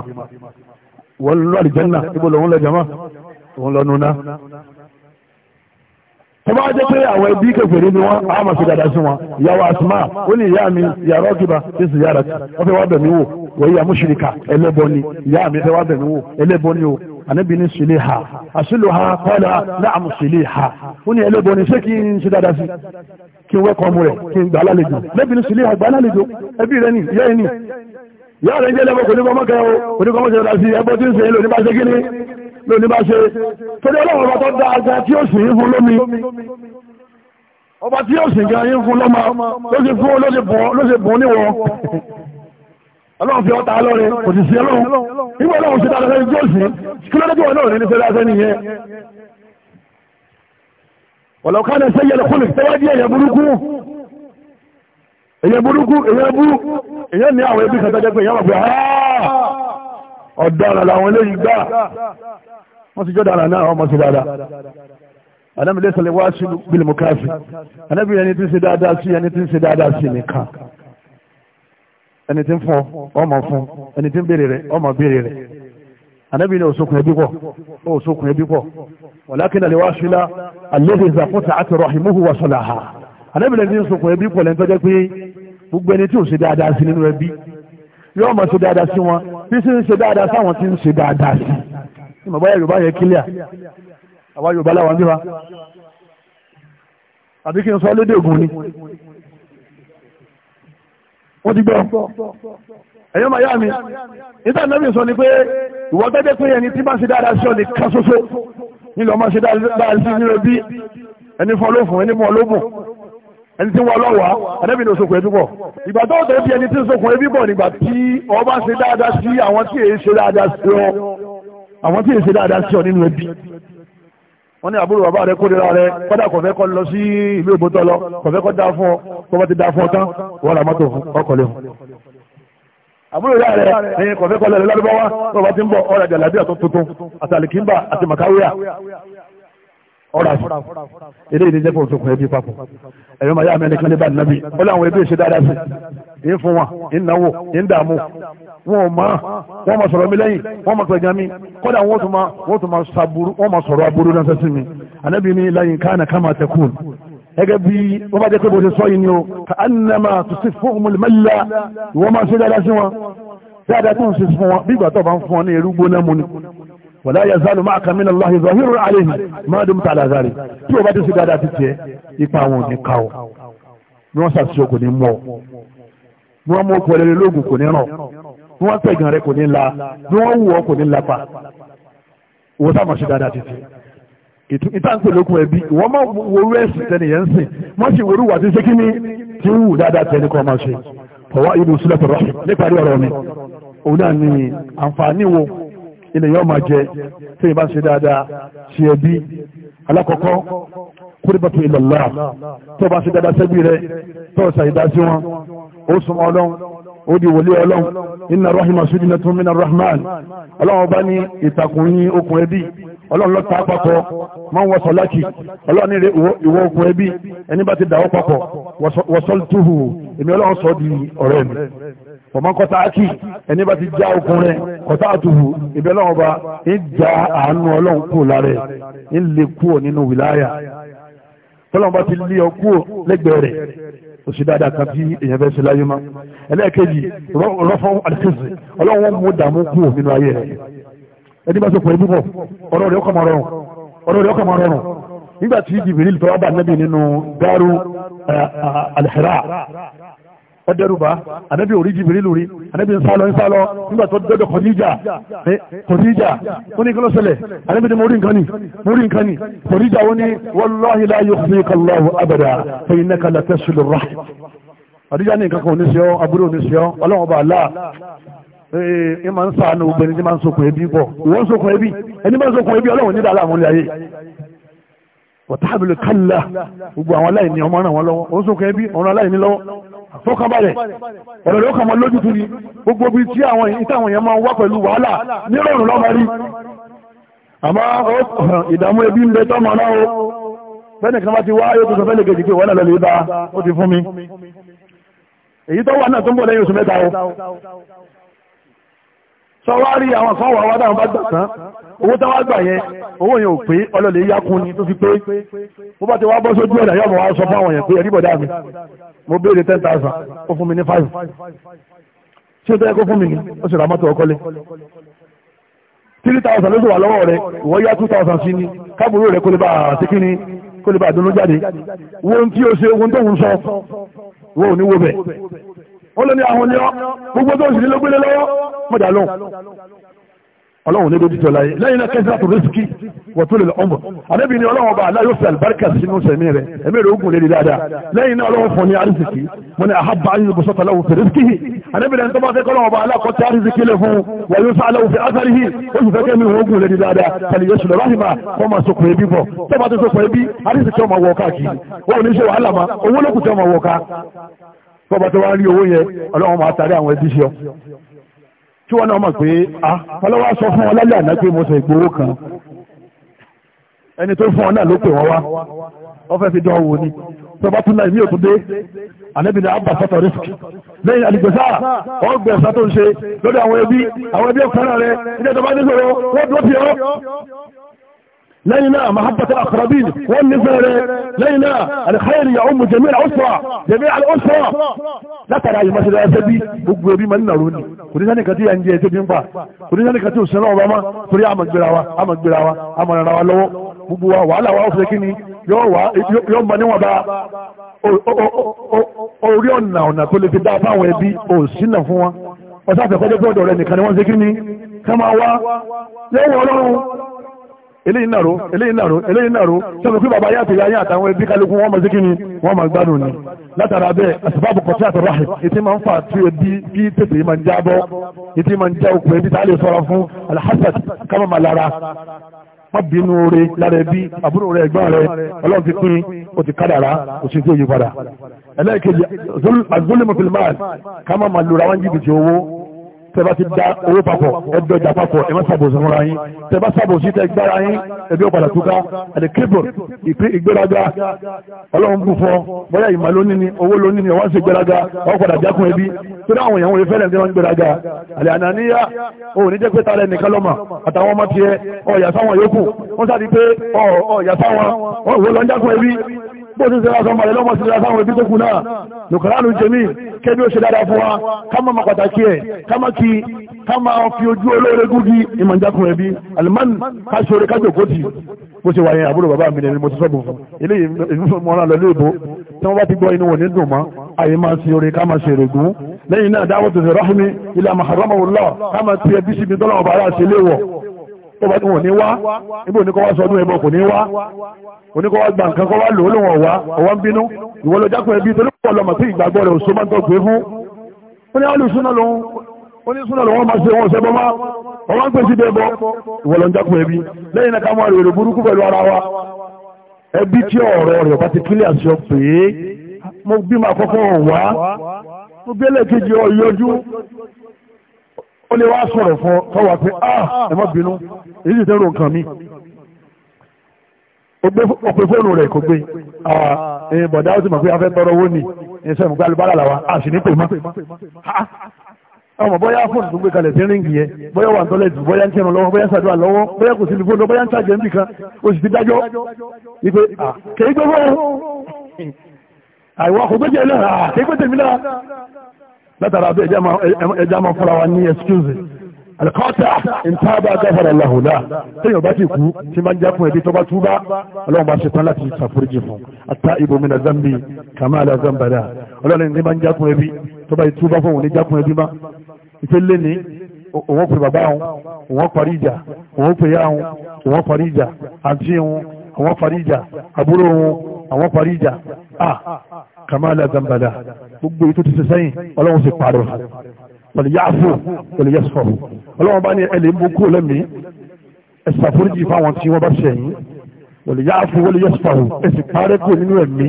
wọ́n lọ àlìjẹ́nà ibo lòun lọ jama òun lọ nuna tó bá jẹ́ pé àwọn ẹbí kèfèrí ni wọ́n á máa ṣe dada sí wọn ìyàwó asma ó ní ìyá mi yàrá ọ̀gìbà tí sì yàrá tí wọ́n fẹ́ wá bẹ̀ wò wọ́n yà mùṣírikà ẹlẹ́bọ ni ìyá mi fẹ́ wá bẹ̀ mí wò ẹlẹ́bọ ni o ànábì ní sílé ha àṣìlò ha kọ́lá láàmù sílé ha ó ní ẹlẹ́bọ ni ṣé kí n ṣe dada sí kí n wẹ́kọ̀ ọmọ rẹ̀ kí n gbà lálejò lẹ́bi ní sílé ha gbà lálejò ni ìyá ẹ ni ìyá rẹ jẹ́ lẹ́bọ̀ kò ní kọ́ mọ́kẹ́ o kò ní kọ́ mọ́kẹ́ o lóní bá ṣe torí ọlọ́run ọba tó dáa gan tí ó sì ń fún lómi ọba tí ó sì gan yín fún lọ́mọ ló sì fún ló sì bùn níwọ̀ ọlọ́run fi ọta lọ́rẹ kò sì sí ọlọ́run nígbà ọlọ́run ṣe dáadáa sẹ́ni tí ó sì kí lọ́dọ́ tí wọn náà ní fẹ́ dáa sẹ́ni yẹn ọ̀lọ́kánà sẹ́yẹ lọ́kùnlé tẹ́wájú ẹ̀yẹ burúkú èyẹ burúkú èyẹ bú èyẹ ní àwọn ẹbí kan tọ́jọ́ pé ìyá wà pé ọ̀daràn làwọn eléyìí gbà wọ́n ti jọ́ dára náà wọ́n mọ̀ sí dáadáa anabi lè sọlẹ̀ wáṣí bílímù káfí anabi ẹni tí ń ṣe dáadáa sí ẹni tí ń ṣe dáadáa sí nìkan ẹni tí ń fún ọmọ fún ẹni tí ń béèrè rẹ ọmọ béèrè rẹ anabi ni osokun ẹbí pọ̀ osokun ẹbí pọ̀ wàlákin alẹ́ wáṣí la alẹ́ ìzà fún sàátì rahimuhu wa salaha anabi lè ní osokun ẹbí pọ̀ lẹ́ńtọ́ jẹ́ pé gbogbo ẹni tí ò ṣe dáadáa sí nínú ẹbí yóò máa ṣe dáadáa sí wọn ìmọ̀bá yorùbá yẹ kílíà àwa yorùbá làwọn bí wa àbí kí n sọ lédè ògùn ni wọ́n ti gbọ́ ẹ̀yọ́ màá yá mi níta nẹ́bí sọ ni pé ìwọ tẹ́tẹ́ pé ẹni tí máa ṣe dáadáa sí ọ ní ká ṣoṣo nílò ọmọ ṣe dáadáa sí nínú ẹbí ẹni fọ́ ló fún ẹni mọ́ ló bùn ẹni tí wọ́n lọ́wọ́ ẹ̀dẹ́bí ní oṣokùn ẹbí bọ̀ ìgbà tó tẹ̀ bí ẹni tí ń sokùn ẹbí bọ̀ nígbà tí o bá ṣe dáadáa sí àwọn tí èyí ṣe dáadáa sí ọ àwọn tí èsè dáadáa sí ọ nínú ẹbí wọ́n ní àbúrò bàbá rẹ kórìíra rẹ kọ́dà kò fẹ́ kọ́ lọ sí ìlú ìbótọ́ lọ kò fẹ́ kọ́ dá fún ọ kó bá ti dá fún ọ tán wọ́n ra mọ́tò fún ọkọ̀ lẹ́hùn àbúrò ìyá rẹ ní kọfẹ́ kọlẹ̀ lọ́dọ́bọ́wá tó bá ti ń bọ̀ ọ̀rọ̀ jàlábíà tó tuntun àti àlìkínbà àti màkáwíà ọ̀rọ̀ àti ilé ìdí jẹ́ fòfin òkun ẹbí papọ̀ ẹ̀yọ́ màá yá àmì ẹnìkan ní bá nàbí ó láwọn ẹbí ìṣe dáadáa sí ń wọn ò mọ̀ wọ́n máa sọ̀rọ̀ mi lẹ́yìn wọ́n máa pẹ̀gàn mi kódà wọ́n tún máa wọ́n tún máa sàbúrú wọ́n máa sọ̀rọ̀ aburú náà sẹ́sìn mi ànábì ní lẹ́yìn káànà káàmà tẹ̀kùn gẹ́gẹ́ bí wọ́n bá jẹ́ pé bó ṣe sọ yìí ni o ka annama tusi fún mọ̀lẹ́mẹ́lá ìwọ́n máa ṣe dáadáa sí wọn dáadáa tó ń ṣe fún wọn bí ìgbà tó bá ń fún wọn ní irú gbóná mu ni wàlá yazalu máa kàmí na lọ́hìn zahiru alayhi máa dùn tààlà zari tí o bá ti ṣe dáadáa ti tiẹ̀ ipa àwọn òní ká o bí wọ́n ṣàṣìṣe kò ní mọ̀ bí wọ́n mú okòó lórí lóògùn kò ní ràn bí wọ́n tẹ̀gàn rẹ kò ní la bí wọ́n wù ọ́ kò ní lapa wọ́n sábà ṣe dáadáa títí ètò ìtànkù lókun ẹbí wọ́n máa worú ẹ̀sìn tẹnìyẹn ń sìn wọ́n sì worú wà sí sékíní tí ń wù dáadáa tẹni kan máa ṣe ọ̀wá ìlú sílẹ̀ tọ̀rọ̀ níparí ọ̀rọ̀ mi òun náà ni àǹfààní wo ilẹ̀ yóò máa jẹ tí ìbá ṣe dáadáa ṣe ẹbí alákọ̀ọ́kọ́ kúrìbàtú ilallah tó bá ṣe dáadáa sẹ́bí rẹ tó ṣàyẹ̀dá sí wọn ó súnmọ́ ọlọ́run ó di wòlé ọlọ́run iná rahima sódì náà tó mìíràn rahman ọlọ́run bá ní ìtàkùn yín okùn ẹbí ọlọ́run lọ́ta àpapọ̀ máa ń wọ̀sọ̀ láti ọlọ́run ní ìwọ okùn ẹbí ẹni bá ti dàwọ́ papọ̀ wọ̀sọ̀l túhù èmi ọlọ́run sọ di ọ̀rẹ́ mi ọmọ kọta ákì ẹni bá ti já okùn rẹ kọta àtùhù ìbẹ́ ọlọ́run bá ń já àánú ọlọ́run kúrò lára ẹ̀ ń lè kúrò nínú wìláyà tọ́lọ́run bá ti lé ọ kúrò lẹ́gbẹ̀ẹ́ rẹ̀ kò sí dáadáa kan tí èèyàn fẹ́ ṣe láyé má ẹlẹ́ẹ̀kejì rọ́fọ́ àdìsẹ́sì ọlọ́run mú dààmú kú nínú ayé rẹ̀ ẹni bá sọpọ̀ ìbúkọ̀ ọ̀rọ̀ rẹ̀ ọkọ̀ máa rọrùn ọ̀rọ̀ rẹ̀ ọkọ̀ máa rọrùn nígbà tí Jibril fẹ́ bá nẹ́bì nínú dárú eh, eh, al ó dẹ́rùbá ànábì orí jìbìrì lórí ànábì ń sálọ ń sálọ nígbà tó dọ́dọ̀ kọ̀díjà kọ̀díjà ó ní kílọ̀ ṣẹlẹ̀ ànábì ni mo rí nǹkan ni mo rí nǹkan ni kọ̀díjà ó ní wallahi la yukhzika Allahu abada fa innaka la tasilu rahim kọ̀díjà ní nǹkan kan ò ní ṣe ọ́ aburú ò ní ṣe ọ́ ọlọ́run ọba Allah ẹ máa ń sàánú obìnrin tí máa ń sokùn ẹbí bọ̀ ìwọ́n sokùn ẹbí ẹni máa ń sokùn ẹbí ọlọ́run ní dàlá ilé ayé gbogbo àwọn aláìní ọmọ ràn wọ́n lọ́wọ́ ó sokùn ẹbí ọ̀run aláìní lọ́wọ́ fọkànbalẹ̀ ọ̀rọ̀ ló kàn mọ́ lójútu ni gbogbo bíi tí àwọn ìta àwọn èèyàn máa ń wá pẹ̀lú wàhálà nírọ̀rùn lọ́mọ rí àmọ́ ìdààmú ẹbí ń bẹ tọ́mọ náà o bẹ́ẹ̀ni kan bá ti wá ayé tuntun fẹ́lẹ̀ kejì pé wọ́n lọ́lẹ̀ bá ó ti fún mi èyí tó wà náà tó ń bọ̀ lẹ́yìn oṣù mẹ́ta o sọ wá rí àwọn kan wà wá dáhùn bá gbà tán owó táwọn àgbà yẹn owó yẹn ò pé ọlọ́lẹ̀ yákun ni tó fi pé bó bá ti wá bọ́ sójú ọ̀nà yọ̀mọ̀ wá sọ fún àwọn yẹn pé ẹ̀rí bọ̀dá mi mo béèrè ten thousand ó fún mi ní five ṣé o tẹ́ kó fún mi ni ó sì ra mọ́tò ọkọ́lé three thousand ló sì wà lọ́wọ́ rẹ ìwọ yá two thousand sí ni káàbùrú rẹ kó lè bá àti kí ni kó lè bá àdúró jáde wo ohun tí o ṣe ohun tó ń sọ wo ò ní wo bẹ̀ ó lé ní àwọn ni ọ gbogbo tó ń sì ní ọlọ́run ní lójú tọ́lá yìí lẹ́yìn náà kẹ́sìlá tó rísíkì wọ́tún lè ọmọ àdébí ni ọlọ́run ọba aláyọ̀ sí àlùbáríkà sínú sẹ̀mí rẹ̀ ẹ̀mí rẹ̀ ogun lédi dáadáa lẹ́yìn náà ọlọ́run fún ní àrísíkì mo ní àhábà ayé ibùsọ̀ tọ́láwù fi rísíkì yìí àdébí ni ẹ̀ńtọ́ bá fẹ́ kọ́lọ́run ọba alákọ̀ tí àrísíkì lè fún wà yóò sáláwù fi ásárì yìí ó sì fẹ́ kẹ́mi ogun lédi dáadáa tàbí yóò sùn lọ́rọ̀ kọ́ máa sokùn ebi bọ̀ tó bá ti sokùn ebi àrísíkì ọmọ wọ̀ káàkiri wọn ò ní ṣe wàhálà ma tí wọ́n náà mọ̀ pé ah fọlọ́wọ́ sọ fún wọn lálẹ́ àná pé mo sọ ìgbowó kan ẹni tó fún ọ náà ló pè wọ́n wá wọ́n fẹ́ fi dán wò ni tó bá tún náà ìmí òtún dé ànábì ní abba sọ́tọ̀ risk lẹ́yìn àlìgbèsà wọ́n gbẹ̀ ẹ̀sà tó ń ṣe lórí àwọn ẹbí àwọn ẹbí ọ̀kan rẹ̀ ilé ìjọba nígbèrò wọ́n dúró fi ọ́ lẹ́yìn náà mahabbata akarabin wọ́n nífẹ̀ẹ́ rẹ̀ lẹ́yìn náà alikhairi ya umu jami al-usra jami al-usra látara yìí maṣẹ́ dáadáa bí gbogbo ẹbí máa ń nàró ni kò ní sani kàtí yà ń jẹ ẹtí bí ń pa kò ní sani kàtí òṣìṣẹ́ náà bá má torí àmà gbéra wa àmà gbéra wa àmà rara wa lọ́wọ́ gbogbo wa wàhálà wa ọ̀fẹ́ kí ni yóò mọ níwọ̀n bá orí ọ̀nà ọ̀nà tó lè fi dá fáwọn ẹbí òṣìṣẹ́ fún wa ọ̀sáfẹ́ kọ́jọ́ eléyìí nàró eléyìí nàró eléyìí nàró sọ́dọ̀ pé bàbá yàtọ̀ yáyà àtàwọn ẹbí kálukú wọ́n máa síkí ni wọ́n máa gbádùn ni látara bẹ́ẹ̀ àsìbáàbù kọ̀tí àtọ̀rọ̀ ètí máa ń fà tí ẹbí kí tètè máa ń já bọ́ ètí máa ń já òkú ẹbí tá a lè sọ̀rọ̀ fún alhassad kámá máa lára má bínú oore lára ẹbí àbúrò rẹ ẹ̀gbọ́n rẹ Ọlọ́run ti pín o ti kádàrá o sì tó yí padà ẹlẹ́ẹ̀kejì azolimu filimani kámá máa lura wọn jìbìtì owó tẹ́bá ti da owó papọ̀ ẹgbẹ́ ìjà papọ̀ ẹ má ṣàbòsí fúnra yín tẹ́bá ṣàbòsí tẹ́ gbára yín ẹbí ọ̀padà túká àti kébùr ìgbéraga ọlọ́run bù fọ́ bóyá ìmọ̀ ló níní owó ló níní ọwọ́ sí gbéraga ọ̀padà jákun ẹbí torí àwọn èèyàn wọn fẹ́rẹ̀ ní wọn gbéraga àlẹ́ ànàníyá òun ní jẹ́ pé tálẹ̀ nìkan lọ́mà àtàwọn ọmọ tiẹ̀ ọ̀yà sáwọn yòókù wọ́n sáà bó ti sẹ́ra sọmọ rẹ̀ lọ́mọ sílẹ̀ sáwọn ẹbí tó kù náà lùkàránù jẹ́mí kẹ́bí ó ṣe dáadáa fún wa ká máa pàtàkì ẹ̀ ká máa kí ká máa fi ojú olóore gúgi ìmọ̀jákun ẹbí alimán ká ṣe orí kájọ kóòtì bó ṣe wà yẹn àbúrò bàbá mi nìyẹn mo ti sọ́bù fún eléyìí mọ́ra lọ lé ìbò tí tó bá tí wọ́n ní wá níbo ní kọ́ wá sọdún ẹbọ kò ní wá oníkọ́ wá gba nǹkan kọ́ wá lò ó lòun ọ̀wá ọ̀wá ń bínú ìwọ lọ jákùn ẹbí torí pọ̀ lọ́mọ tí ìgbàgbọ́ rẹ̀ òṣó máa ń tọ́gbé fún ó ní alùsúná lòun ó ní súná lòun máa ṣe wọn ṣẹbọ má ọwọ́ ń pèsè bẹ́ẹ̀ bọ́ ìwọ lọ jákùn ẹbí lẹ́yìn náà ká máa rèrè burúkú pẹ̀lú ara wa ẹbí tí ọ̀rọ̀ rẹ̀ bá ti kílẹ̀ àṣọ pé ah, mo bí ó lè wá sọ̀rọ̀ fún ọ wà pé ah ẹ má bínú èyí sì tẹ́rù nǹkan mi ó pe fóònù rẹ̀ kò gbé ah, ẹ̀yìn bọ̀dá ó sì mọ̀ pé afẹ́ tọrọ owó ni ẹ̀sẹ̀ ìmúgbà alùbárà làwà a sì ní pè má ọmọ bóyá fóònù tó gbé kalẹ̀ sí ríǹgì yẹn bóyá wà tọ́lẹ̀tì bóyá ń kẹrun lọ́wọ́ bóyá ń ṣàdúrà lọ́wọ́ bóyá kò sí ní fóònù bóyá ń ṣàjẹ́ níbì kan ó sì ti dájọ́ ipe ah, kèé gbé fóònù àìwọ́ kò gbé jẹ́ náà ah, kèé gbé tèmi náà látara bí ẹja máa fúnra wa ní excuse alikọ́ta ntaaba gáfàrà lahùlá téèyàn bá ti kú tí máa ń jẹ́ fún ẹbí tó bá túbá ọlọ́run bá ṣe tán láti ṣàforíjì fún ata ibùmí na zambi kàmá la zambada ọlọ́run ní máa ń jẹ́ fún ẹbí tó bá túbá fún òun ní jẹ́ fún ẹbí má ìfẹ́ lé ní òun pè bàbá òun òun parí ìjà òun pè yá òun òun parí ìjà àǹtí òun àwọn parí ìjà àbúrò òun àwọn parí ìjà ah kàmá la zambada gbogbo ètò ti sẹ́yìn ọlọ́run sì parọ́ pẹ̀lú yáàfó pẹ̀lú yẹ́sọ̀ ọlọ́run bá ní ẹlẹ́ mú kúrò lẹ́mí ẹ̀sà foríjì fáwọn tí wọ́n bá sẹ́yìn pẹ̀lú yáàfó pẹ̀lú yẹ́sọ̀ ẹ̀sì parẹ́ kúrò nínú ẹ̀mí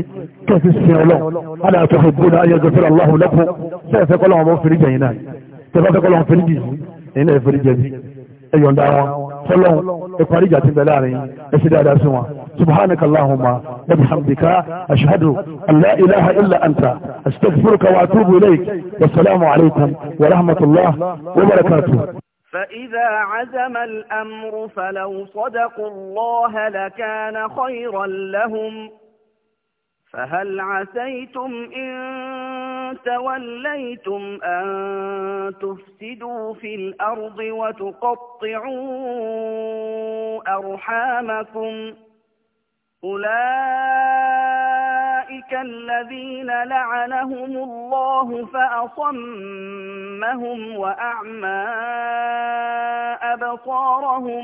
kẹ́sì sin ọlọ́run alẹ́ àtọ́fẹ́ gbóná ayé ẹgbẹ́ fẹ́rẹ́ aláhùn lẹ́kọ́ sẹ́ẹ̀fẹ́ kọ́lọ́run سبحانك اللهم وبحمدك اشهد ان لا اله الا انت استغفرك واتوب اليك والسلام عليكم ورحمة الله وبركاته فاذا عزم الامر فلو صدقوا الله لكان خيرا لهم فهل عسيتم إن توليتم أن تفسدوا في الأرض وتقطعوا أرحامكم أولئك الذين لعنهم الله فأصمهم وأعمى أبصارهم